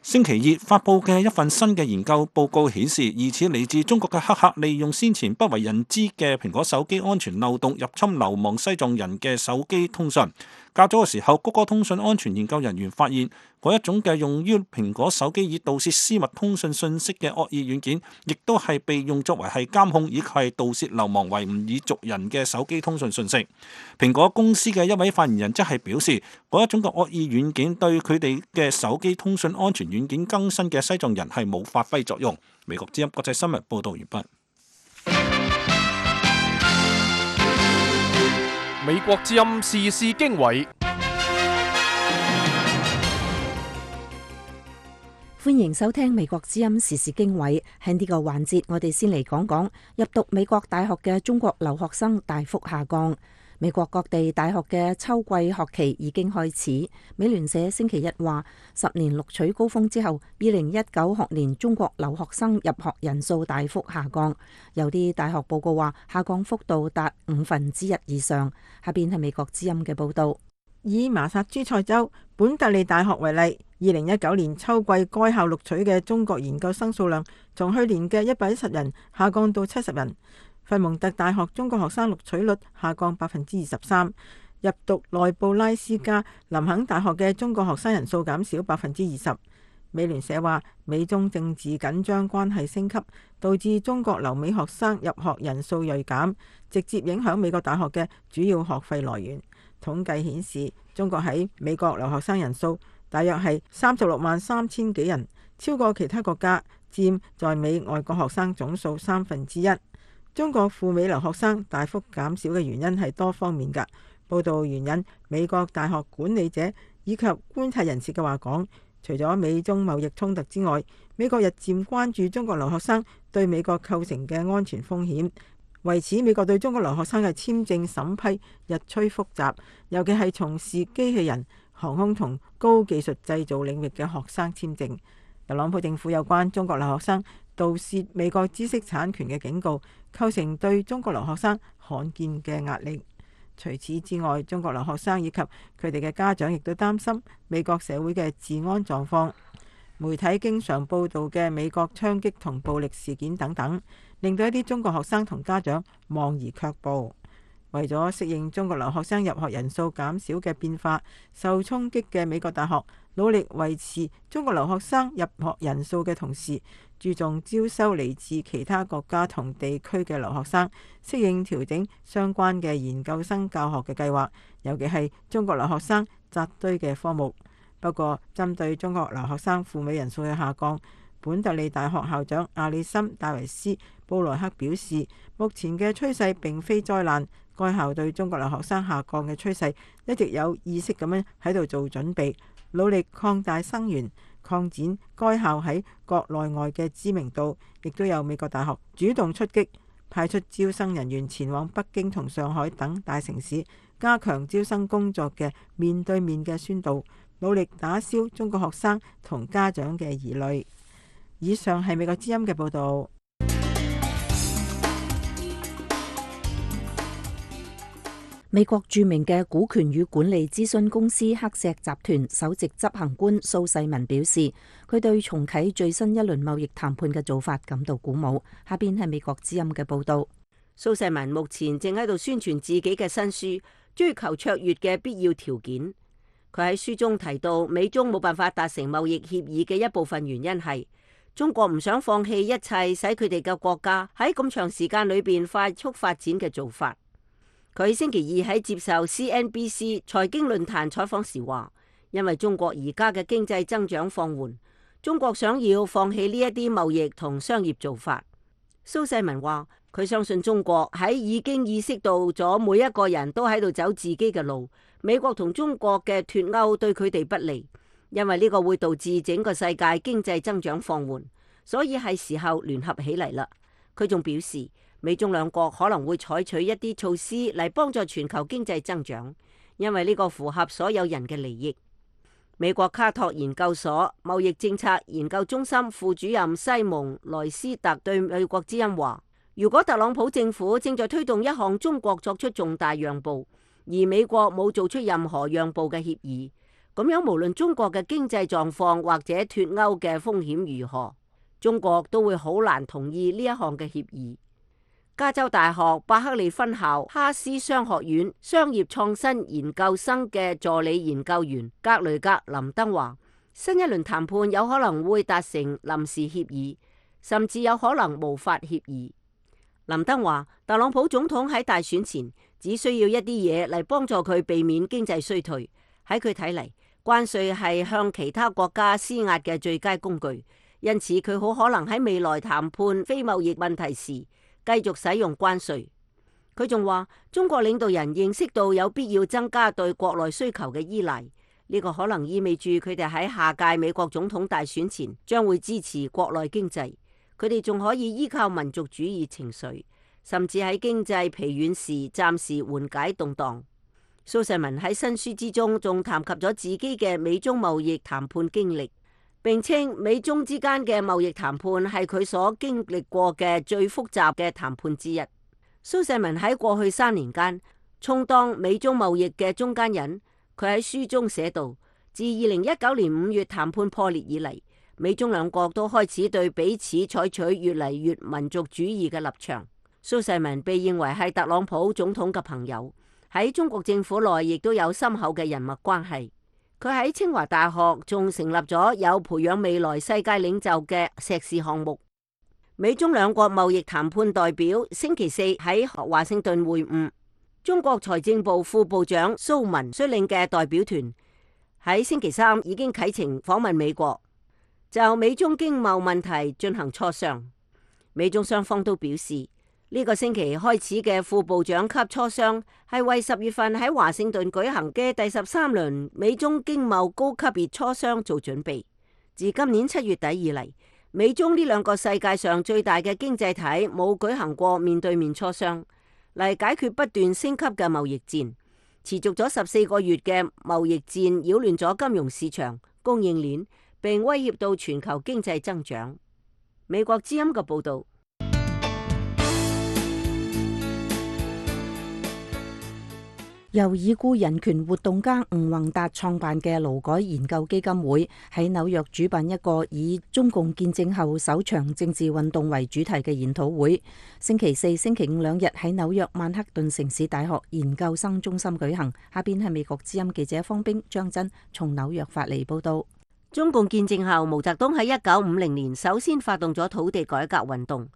星期二發布嘅一份新嘅研究報告顯示，疑似嚟自中國嘅黑客利用先前不為人知嘅蘋果手機安全漏洞入侵流亡西藏人嘅手機通訊。較早嘅時候，谷歌通訊安全研究人員發現，嗰一種嘅用於蘋果手機以盜竊私密通訊信息嘅惡意軟件，亦都係被用作為係監控以及係盜竊流亡維吾爾族人嘅手機通訊信息。蘋果公司嘅一位發言人則係表示，嗰一種嘅惡意軟件對佢哋嘅手機通訊安全軟件更新嘅西藏人係冇發揮作用。美國之音國際新聞報道完畢。美國之音時事經緯，歡迎收聽美國之音時事經緯。喺呢個環節，我哋先嚟講講入讀美國大學嘅中國留學生大幅下降。美國各地大學嘅秋季學期已經開始。美聯社星期一話，十年錄取高峰之後，二零一九學年中國留學生入學人數大幅下降，有啲大學報告話下降幅度達五分之一以上。下邊係美國之音嘅報道。以麻薩諸塞州本特利大學為例，二零一九年秋季該校錄取嘅中國研究生數量，從去年嘅一百一十人下降到七十人。范蒙特大學中國學生錄取率下降百分之二十三，入讀內布拉斯加林肯大學嘅中國學生人數減少百分之二十。美聯社話，美中政治緊張關係升級，導致中國留美學生入學人數銳減，直接影響美國大學嘅主要學費來源。統計顯示，中國喺美國留學生人數大約係三十六萬三千幾人，超過其他國家，佔在美外國學生總數三分之一。中國赴美留學生大幅減少嘅原因係多方面噶。報道原因，美國大學管理者以及觀察人士嘅話講，除咗美中貿易衝突之外，美國日漸關注中國留學生對美國構成嘅安全風險。為此，美國對中國留學生嘅簽證審批日趨複雜，尤其係從事機器人、航空同高技術製造領域嘅學生簽證。特朗普政府有關中國留學生。盜竊美國知識產權嘅警告，構成對中國留學生罕見嘅壓力。除此之外，中國留學生以及佢哋嘅家長亦都擔心美國社會嘅治安狀況。媒體經常報道嘅美國槍擊同暴力事件等等，令到一啲中國學生同家長望而卻步。為咗適應中國留學生入學人數減少嘅變化，受衝擊嘅美國大學努力維持中國留學生入學人數嘅同時，注重招收嚟自其他國家同地區嘅留學生，適應調整相關嘅研究生教學嘅計劃，尤其係中國留學生紮堆嘅科目。不過，針對中國留學生赴美人數嘅下降，本特利大學校長阿里森·戴維斯·布萊克表示，目前嘅趨勢並非災難，該校對中國留學生下降嘅趨勢一直有意識咁樣喺度做準備，努力擴大生源。擴展該校喺國內外嘅知名度，亦都有美國大學主動出擊，派出招生人員前往北京同上海等大城市，加強招生工作嘅面對面嘅宣導，努力打消中國學生同家長嘅疑慮。以上係美國之音嘅報道。美國著名嘅股權與管理諮詢公司黑石集團首席執行官蘇世民表示，佢對重啟最新一輪貿易談判嘅做法感到鼓舞。下邊係美國之音嘅報道。蘇世民目前正喺度宣傳自己嘅新書《追求卓越嘅必要條件》。佢喺書中提到，美中冇辦法達成貿易協議嘅一部分原因係中國唔想放棄一切，使佢哋嘅國家喺咁長時間裏邊快速發展嘅做法。佢星期二喺接受 CNBC 財經論壇採訪時話，因為中國而家嘅經濟增長放緩，中國想要放棄呢一啲貿易同商業做法。蘇世民話，佢相信中國喺已經意識到咗每一個人都喺度走自己嘅路。美國同中國嘅脫歐對佢哋不利，因為呢個會導致整個世界經濟增長放緩，所以係時候聯合起嚟啦。佢仲表示。美中兩國可能會採取一啲措施嚟幫助全球經濟增長，因為呢個符合所有人嘅利益。美國卡托研究所貿易政策研究中心副主任西蒙·萊斯特對《美國之音》話：如果特朗普政府正在推動一項中國作出重大讓步，而美國冇做出任何讓步嘅協議，咁樣無論中國嘅經濟狀況或者脱歐嘅風險如何，中國都會好難同意呢一項嘅協議。加州大學伯克利分校哈斯商學院商業創新研究生嘅助理研究員格雷格林登話：新一輪談判有可能會達成臨時協議，甚至有可能無法協議。林登話：特朗普總統喺大選前只需要一啲嘢嚟幫助佢避免經濟衰退。喺佢睇嚟，關稅係向其他國家施壓嘅最佳工具，因此佢好可能喺未來談判非貿易問題時。繼續使用關稅，佢仲話中國領導人認識到有必要增加對國內需求嘅依賴，呢個可能意味住佢哋喺下屆美國總統大選前將會支持國內經濟，佢哋仲可以依靠民族主義情緒，甚至喺經濟疲軟時暫時緩解動蕩。蘇世民喺新書之中仲談及咗自己嘅美中貿易談判經歷。並稱美中之間嘅貿易談判係佢所經歷過嘅最複雜嘅談判之一。蘇世民喺過去三年間充當美中貿易嘅中間人，佢喺書中寫道：自二零一九年五月談判破裂以嚟，美中兩國都開始對彼此採取越嚟越民族主義嘅立場。蘇世民被認為係特朗普總統嘅朋友，喺中國政府內亦都有深厚嘅人脈關係。佢喺清華大學仲成立咗有培養未來世界領袖嘅碩士項目。美中兩國貿易談判代表星期四喺華盛頓會晤，中國財政部副部長蘇文率領嘅代表團喺星期三已經啟程訪問美國，就美中經貿問題進行磋商。美中雙方都表示，呢個星期開始嘅副部長級磋商，係為十月份喺華盛頓舉行嘅第十三輪美中經貿高級別磋商做準備。自今年七月底以嚟，美中呢兩個世界上最大嘅經濟體冇舉行過面對面磋商嚟解決不斷升級嘅貿易戰。持續咗十四個月嘅貿易戰，擾亂咗金融市場、供應鏈，並威脅到全球經濟增長。美國之音嘅報道。由已故人權活動家吳宏達創辦嘅勞改研究基金會喺紐約主辦一個以中共建政後首場政治運動為主題嘅研討會，星期四、星期五兩日喺紐約曼克頓城市大學研究生中心舉行。下邊係美國之音記者方冰張真從紐約發嚟報道。中共建政後，毛澤東喺一九五零年首先發動咗土地改革運動，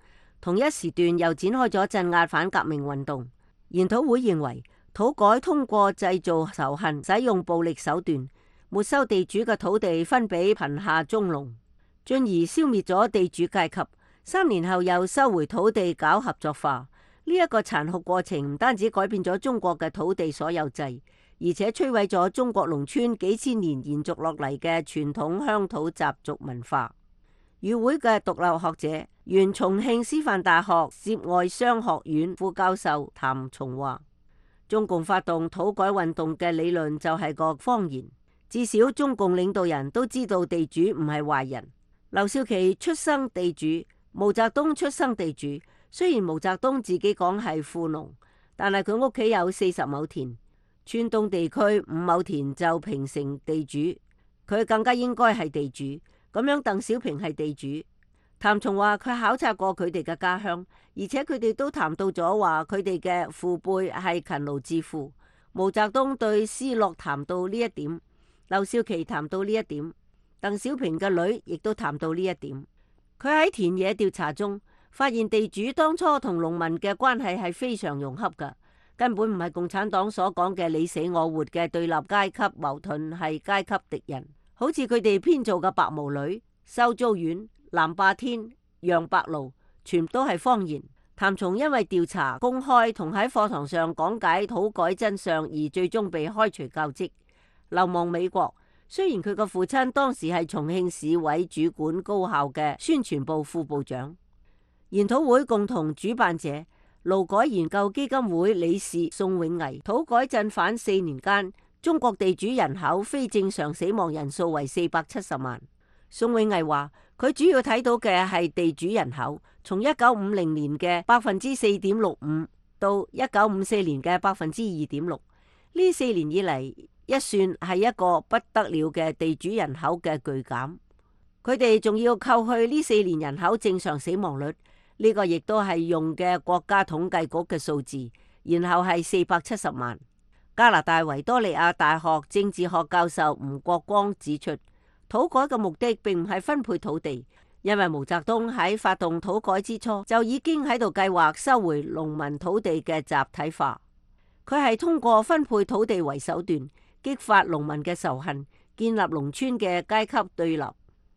同一時段又展開咗鎮壓反革命運動。研討會認為，土改通過製造仇恨、使用暴力手段沒收地主嘅土地，分俾貧下中農，進而消滅咗地主階級。三年後又收回土地搞合作化。呢、這、一個殘酷過程唔單止改變咗中國嘅土地所有制，而且摧毀咗中國農村幾千年延續落嚟嘅傳統鄉土習俗文化。與會嘅獨立學者、原重慶師範大學涉外商學院副教授譚松話。中共發動土改運動嘅理論就係個謊言，至少中共領導人都知道地主唔係壞人。劉少奇出生地主，毛澤東出生地主，雖然毛澤東自己講係富農，但係佢屋企有四十畝田。川東地區五畝田就平成地主，佢更加應該係地主。咁樣鄧小平係地主。譚松話：佢考察過佢哋嘅家鄉，而且佢哋都談到咗話佢哋嘅父輩係勤勞致富。毛澤東對斯諾談到呢一點，劉少奇談到呢一點，鄧小平嘅女亦都談到呢一點。佢喺田野調查中發現，地主當初同農民嘅關係係非常融洽㗎，根本唔係共產黨所講嘅你死我活嘅對立階級矛盾，係階級敵人，好似佢哋編造嘅白毛女收租院。南霸天、楊白勞，全都係謊言。譚松因為調查公開同喺課堂上講解土改真相，而最終被開除教職，流亡美國。雖然佢嘅父親當時係重慶市委主管高校嘅宣傳部副部長。研討會共同主辦者、勞改研究基金會理事宋永毅：土改鎮反四年間，中國地主人口非正常死亡人數為四百七十萬。宋永毅話。佢主要睇到嘅係地主人口，從一九五零年嘅百分之四點六五到一九五四年嘅百分之二點六，呢四年以嚟一算係一個不得了嘅地主人口嘅巨減。佢哋仲要扣去呢四年人口正常死亡率，呢個亦都係用嘅國家統計局嘅數字，然後係四百七十萬。加拿大維多利亞大學政治學教授吳國光指出。土改嘅目的並唔係分配土地，因為毛澤東喺發動土改之初，就已經喺度計劃收回農民土地嘅集體化。佢係通過分配土地為手段，激發農民嘅仇恨，建立農村嘅階級對立，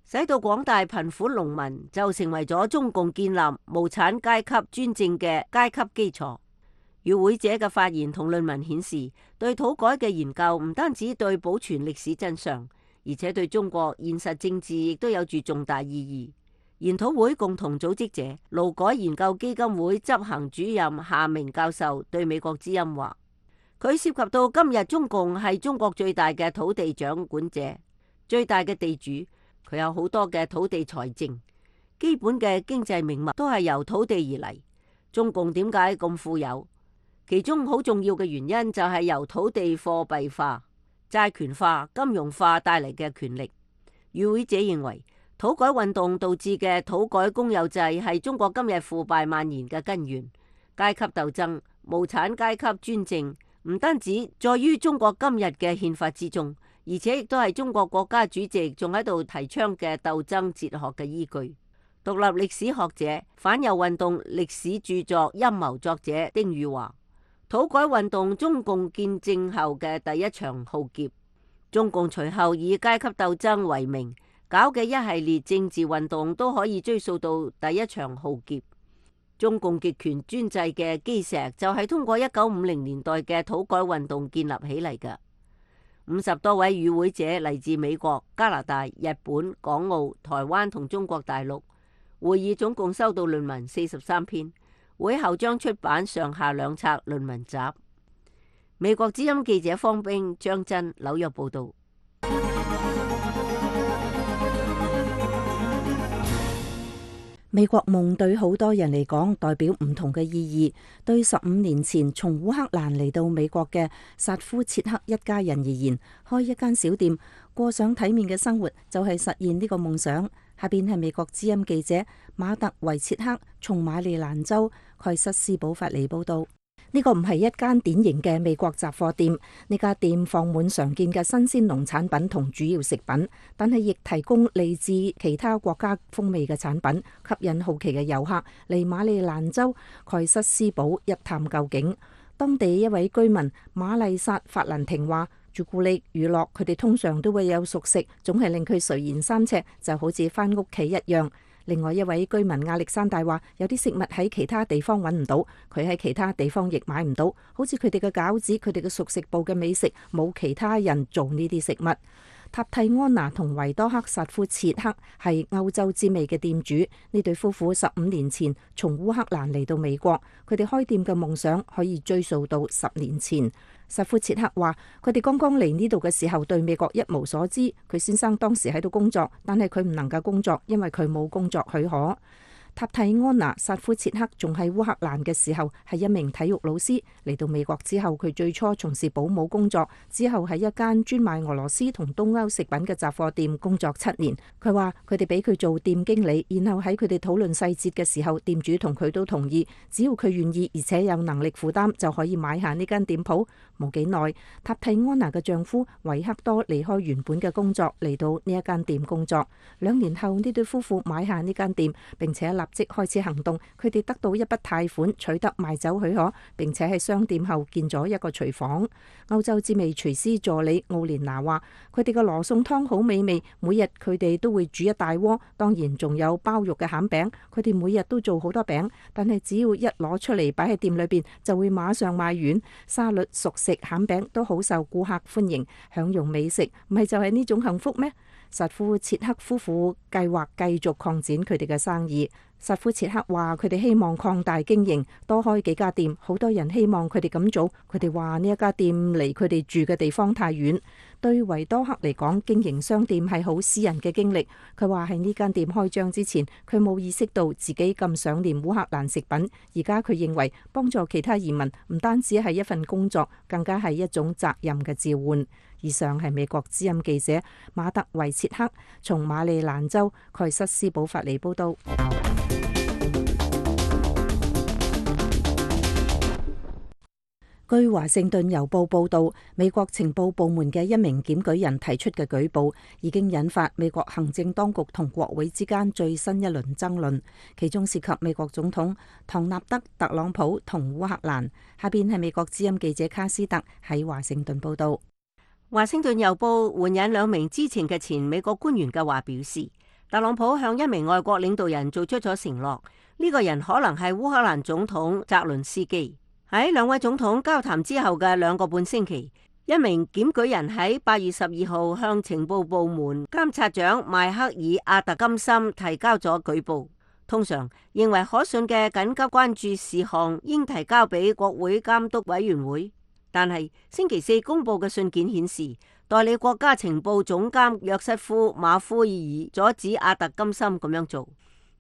使到廣大貧苦農民就成為咗中共建立無產階級專政嘅階級基礎。與會者嘅發言同論文顯示，對土改嘅研究唔單止對保存歷史真相，而且對中國現實政治亦都有住重大意義。研討會共同組織者勞改研究基金會執行主任夏明教授對美國之音話：佢涉及到今日中共係中國最大嘅土地掌管者，最大嘅地主，佢有好多嘅土地財政，基本嘅經濟命脈都係由土地而嚟。中共點解咁富有？其中好重要嘅原因就係由土地貨幣化。債權化、金融化帶嚟嘅權力。與會者認為土改運動導致嘅土改公有制係中國今日腐敗蔓延嘅根源。階級鬥爭、無產階級專政唔單止在於中國今日嘅憲法之中，而且亦都係中國國家主席仲喺度提倡嘅鬥爭哲學嘅依據。獨立歷史學者、反右運動歷史著作陰謀作者丁宇華。土改運動，中共建政後嘅第一場浩劫。中共隨後以階級鬥爭為名搞嘅一系列政治運動，都可以追溯到第一場浩劫。中共極權專制嘅基石，就係通過一九五零年代嘅土改運動建立起嚟嘅。五十多位與會者嚟自美國、加拿大、日本、港澳、台灣同中國大陸。會議總共收到論文四十三篇。會後將出版上下兩冊論文集。美國之音記者方冰、張真紐約報道。美國夢對好多人嚟講代表唔同嘅意義。對十五年前從烏克蘭嚟到美國嘅薩夫切克一家人而言，開一間小店，過上體面嘅生活就係實現呢個夢想。下邊係美國之音記者馬特維切克從馬利蘭州。蓋塞斯堡發嚟報道，呢、呢個唔係一間典型嘅美國雜貨店。呢家店放滿常見嘅新鮮農產品同主要食品，但係亦提供嚟自其他國家風味嘅產品，吸引好奇嘅遊客嚟馬里蘭州蓋塞斯堡一探究竟。當地一位居民瑪麗薩法蘭廷話：朱古力、乳酪、佢哋通常都會有熟食，總係令佢垂涎三尺，就好似翻屋企一樣。另外一位居民亞歷山大話，有啲食物喺其他地方揾唔到，佢喺其他地方亦買唔到，好似佢哋嘅餃子，佢哋嘅熟食部嘅美食，冇其他人做呢啲食物。塔蒂安娜同維多克薩夫切克係歐洲之味嘅店主。呢對夫婦十五年前從烏克蘭嚟到美國，佢哋開店嘅夢想可以追溯到十年前。薩夫切克話，佢哋剛剛嚟呢度嘅時候對美國一無所知。佢先生當時喺度工作，但係佢唔能夠工作，因為佢冇工作許可。塔蒂安娜·薩夫切克仲喺烏克蘭嘅時候，係一名體育老師。嚟到美國之後，佢最初從事保姆工作，之後喺一間專賣俄羅斯同東歐食品嘅雜貨店工作七年。佢話佢哋俾佢做店經理，然後喺佢哋討論細節嘅時候，店主同佢都同意，只要佢願意而且有能力負擔，就可以買下呢間店鋪。冇幾耐，塔蒂安娜嘅丈夫維克多離開原本嘅工作，嚟到呢一間店工作。兩年後，呢對夫婦買下呢間店，並且立即開始行動。佢哋得到一筆貸款，取得賣酒許可，並且喺商店後建咗一個廚房。歐洲滋味廚師助理奧蓮娜話：佢哋嘅羅宋湯好美味，每日佢哋都會煮一大鍋，當然仲有鮑肉嘅餡餅。佢哋每日都做好多餅，但係只要一攞出嚟擺喺店裏邊，就會馬上賣完。沙律熟食。食餡餅都好受顧客歡迎，享用美食，唔係就係呢種幸福咩？實夫切克夫婦計劃繼續擴展佢哋嘅生意。實夫切克話：佢哋希望擴大經營，多開幾家店。好多人希望佢哋咁做，佢哋話呢一家店離佢哋住嘅地方太遠。對維多克嚟講，經營商店係好私人嘅經歷。佢話喺呢間店開張之前，佢冇意識到自己咁想念烏克蘭食品。而家佢認為幫助其他移民唔單止係一份工作，更加係一種責任嘅召喚。以上係美國之音記者馬特維切克從馬里蘭州蓋瑟斯堡發嚟報道。據華盛頓郵報報道，美國情報部門嘅一名檢舉人提出嘅舉報，已經引發美國行政當局同國會之間最新一輪爭論，其中涉及美國總統唐納德特朗普同烏克蘭。下邊係美國之音記者卡斯特喺華盛頓報道。華盛頓郵報援引兩名之前嘅前美國官員嘅話表示，特朗普向一名外國領導人做出咗承諾，呢、這個人可能係烏克蘭總統澤倫斯基。喺兩位總統交談之後嘅兩個半星期，一名檢舉人喺八月十二號向情報部門監察長邁克爾阿特金森提交咗舉報。通常認為可信嘅緊急關注事項應提交俾國會監督委員會，但係星期四公布嘅信件顯示，代理國家情報總監約瑟夫馬夫爾爾阻止阿特金森咁樣做。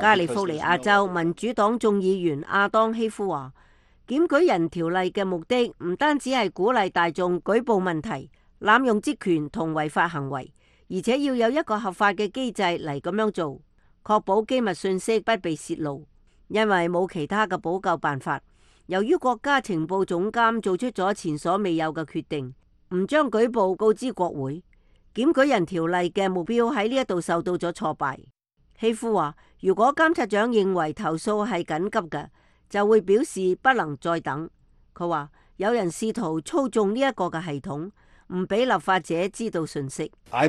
加利福尼亞州民主黨眾議員阿當希夫話：檢舉人條例嘅目的唔單止係鼓勵大眾舉報問題、濫用職權同違法行為，而且要有一個合法嘅機制嚟咁樣做，確保機密信息不被泄露。因為冇其他嘅補救辦法，由於國家情報總監做出咗前所未有嘅決定，唔將舉報告知國會。檢舉人條例嘅目標喺呢一度受到咗挫敗。希夫話：如果監察長認為投訴係緊急嘅，就會表示不能再等。佢話有人試圖操縱呢一個嘅系統，唔俾立法者知道信息。I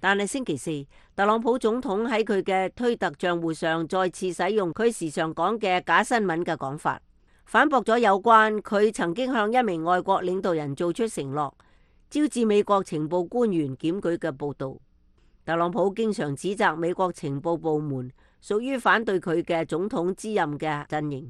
但係星期四，特朗普總統喺佢嘅推特帳戶上再次使用佢時常講嘅假新聞嘅講法，反駁咗有關佢曾經向一名外國領導人做出承諾，招致美國情報官員檢舉嘅報導。特朗普經常指責美國情報部門屬於反對佢嘅總統之任嘅陣營。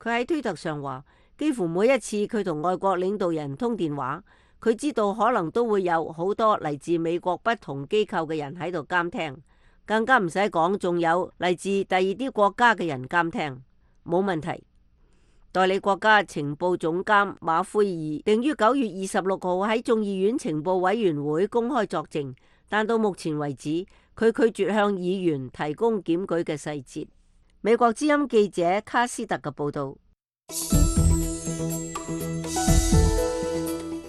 佢喺推特上話，幾乎每一次佢同外國領導人通電話，佢知道可能都會有好多嚟自美國不同機構嘅人喺度監聽，更加唔使講，仲有嚟自第二啲國家嘅人監聽，冇問題。代理國家情報總監馬奎爾定於九月二十六號喺眾議院情報委員會公開作證，但到目前為止，佢拒絕向議員提供檢舉嘅細節。美國之音記者卡斯特嘅報道。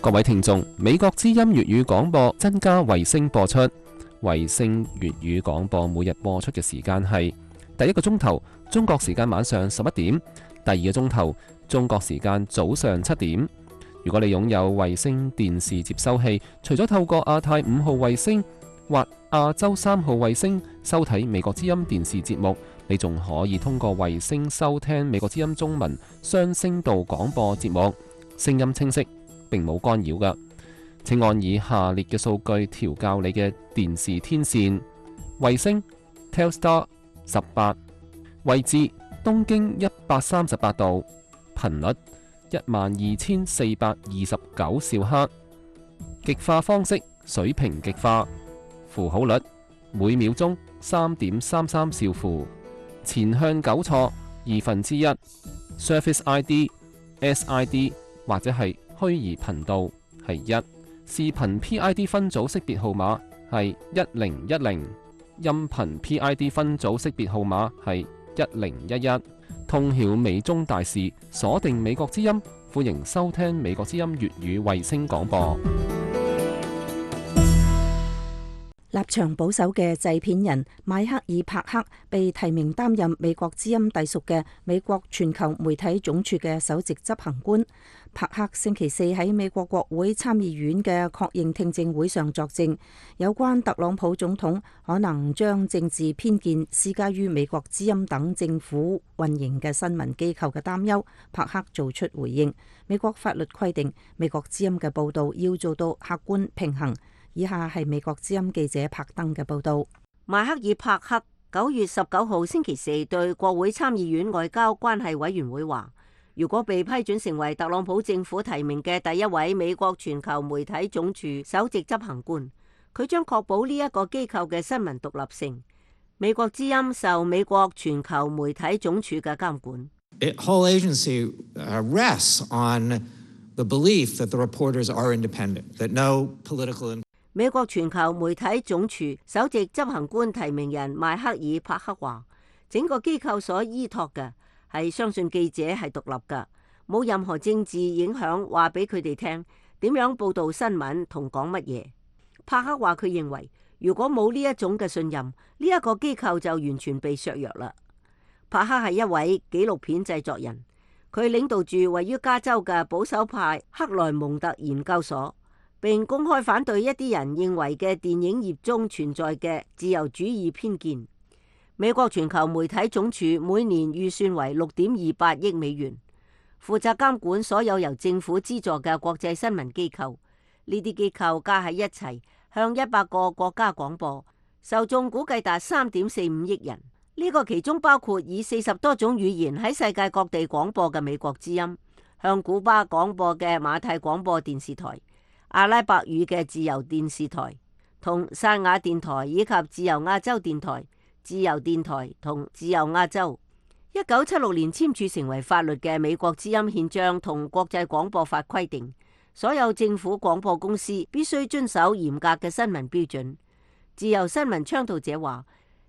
各位聽眾，美國之音粵語廣播增加衛星播出。衛星粵語廣播每日播出嘅時間係第一個鐘頭，中國時間晚上十一點；第二個鐘頭，中國時間早上七點。如果你擁有衛星電視接收器，除咗透過亞太五號衛星或亞洲三號衛星收睇美國之音電視節目，你仲可以通過衛星收聽美國之音中文雙聲道廣播節目，聲音清晰。並冇干擾噶，請按以下列嘅數據調校你嘅電視天線。衛星 Telstar 十八位置東經一百三十八度，頻率一萬二千四百二十九兆赫，極化方式水平極化，符號率每秒鐘三點三三兆符，前向糾錯二分之一，Surface ID S ID 或者係。虛擬頻道係一，視頻 PID 分組識別號碼係一零一零，音頻 PID 分組識別號碼係一零一一。通曉美中大事，鎖定美國之音，歡迎收聽美國之音粵語衛星廣播。立場保守嘅製片人邁克爾帕克被提名擔任美國之音隸屬嘅美國全球媒體總署嘅首席執行官。帕克星期四喺美國國會參議院嘅確認聽證會上作證，有關特朗普總統可能將政治偏見施加於美國之音等政府運營嘅新聞機構嘅擔憂，帕克做出回應。美國法律規定，美國之音嘅報道要做到客觀平衡。以下係美國之音記者柏登嘅報導。麥克爾帕克九月十九號星期四對國會參議院外交關係委員會話：如果被批准成為特朗普政府提名嘅第一位美國全球媒體總署首席執行官，佢將確保呢一個機構嘅新聞獨立性。美國之音受美國全球媒體總署嘅監管。The whole agency rests on the belief that the reporters are independent, that no political 美國全球媒體總署首席執行官提名人邁克爾帕克話：整個機構所依託嘅係相信記者係獨立噶冇任何政治影響。話俾佢哋聽點樣報道新聞同講乜嘢。帕克話佢認為，如果冇呢一種嘅信任，呢一個機構就完全被削弱啦。帕克係一位紀錄片製作人，佢領導住位於加州嘅保守派克萊蒙特研究所。並公開反對一啲人認為嘅電影業中存在嘅自由主義偏見。美國全球媒體總署每年預算為六點二八億美元，負責監管所有由政府資助嘅國際新聞機構。呢啲機構加喺一齊，向一百個國家廣播，受眾估計達三點四五億人。呢、這個其中包括以四十多種語言喺世界各地廣播嘅美國之音，向古巴廣播嘅馬太廣播電視台阿拉伯語嘅自由電視台、同薩瓦電台以及自由亞洲電台、自由電台同自由亞洲。一九七六年簽署成為法律嘅美國之音憲章同國際廣播法規定，所有政府廣播公司必須遵守嚴格嘅新聞標準。自由新聞倡導者話，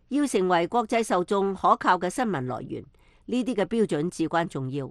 要成為國際受眾可靠嘅新聞來源，呢啲嘅標準至關重要。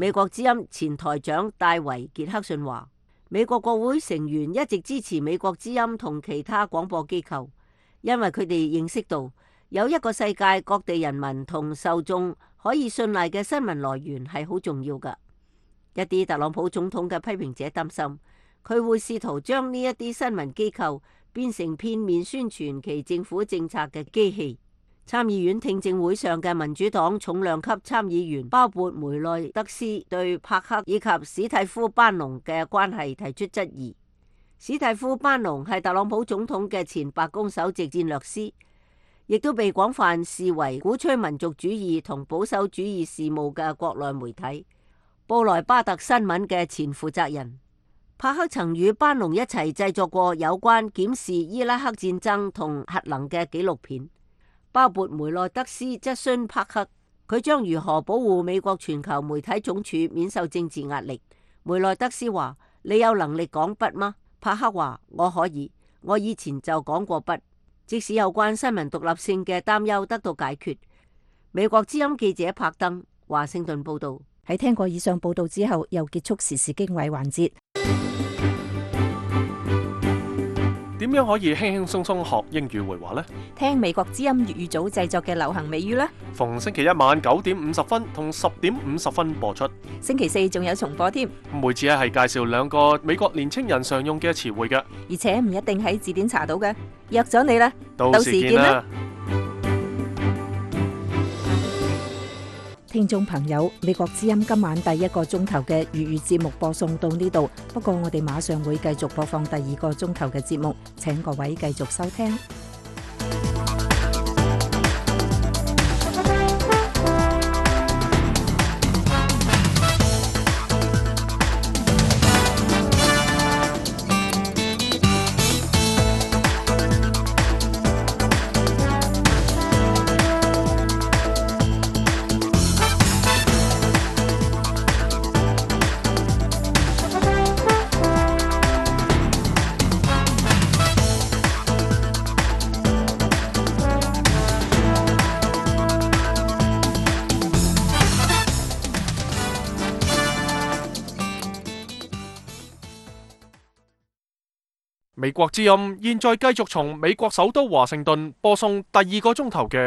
美國之音前台長戴維傑克遜話，美國國會成員一直支持美國之音同其他廣播機構，因為佢哋認識到有一個世界各地人民同受眾可以信賴嘅新聞來源係好重要噶。一啲特朗普總統嘅批評者擔心，佢會試圖將呢一啲新聞機構變成片面宣傳其政府政策嘅機器。參議院聽證會上嘅民主黨重量級參議員包括梅內德斯對帕克以及史蒂夫班農嘅關係提出質疑。史蒂夫班農係特朗普總統嘅前白宮首席戰略師，亦都被廣泛視為鼓吹民族主義同保守主義事務嘅國內媒體布萊巴特新聞嘅前負責人。帕克曾與班農一齊製作過有關檢視伊拉克戰爭同核能嘅紀錄片。包括梅內德斯質詢帕克，佢將如何保護美國全球媒體總署免受政治壓力？梅內德斯話：你有能力講不嗎？帕克話：我可以，我以前就講過不，即使有關新聞獨立性嘅擔憂得到解決。美國之音記者帕登華盛頓報道。喺聽過以上報道之後，又結束時事經緯環節。點樣可以輕輕鬆鬆學英語會話呢？聽美國之音粵語組製作嘅流行美語啦！逢星期一晚九點五十分同十點五十分播出，星期四仲有重播添。每次咧係介紹兩個美國年青人常用嘅詞彙嘅，而且唔一定喺字典查到嘅。約咗你啦，到時見啦。聽眾朋友，美國之音今晚第一個鐘頭嘅粵語節目播送到呢度，不過我哋馬上會繼續播放第二個鐘頭嘅節目，請各位繼續收聽。美國之音現在繼續從美國首都華盛頓播送第二個鐘頭嘅。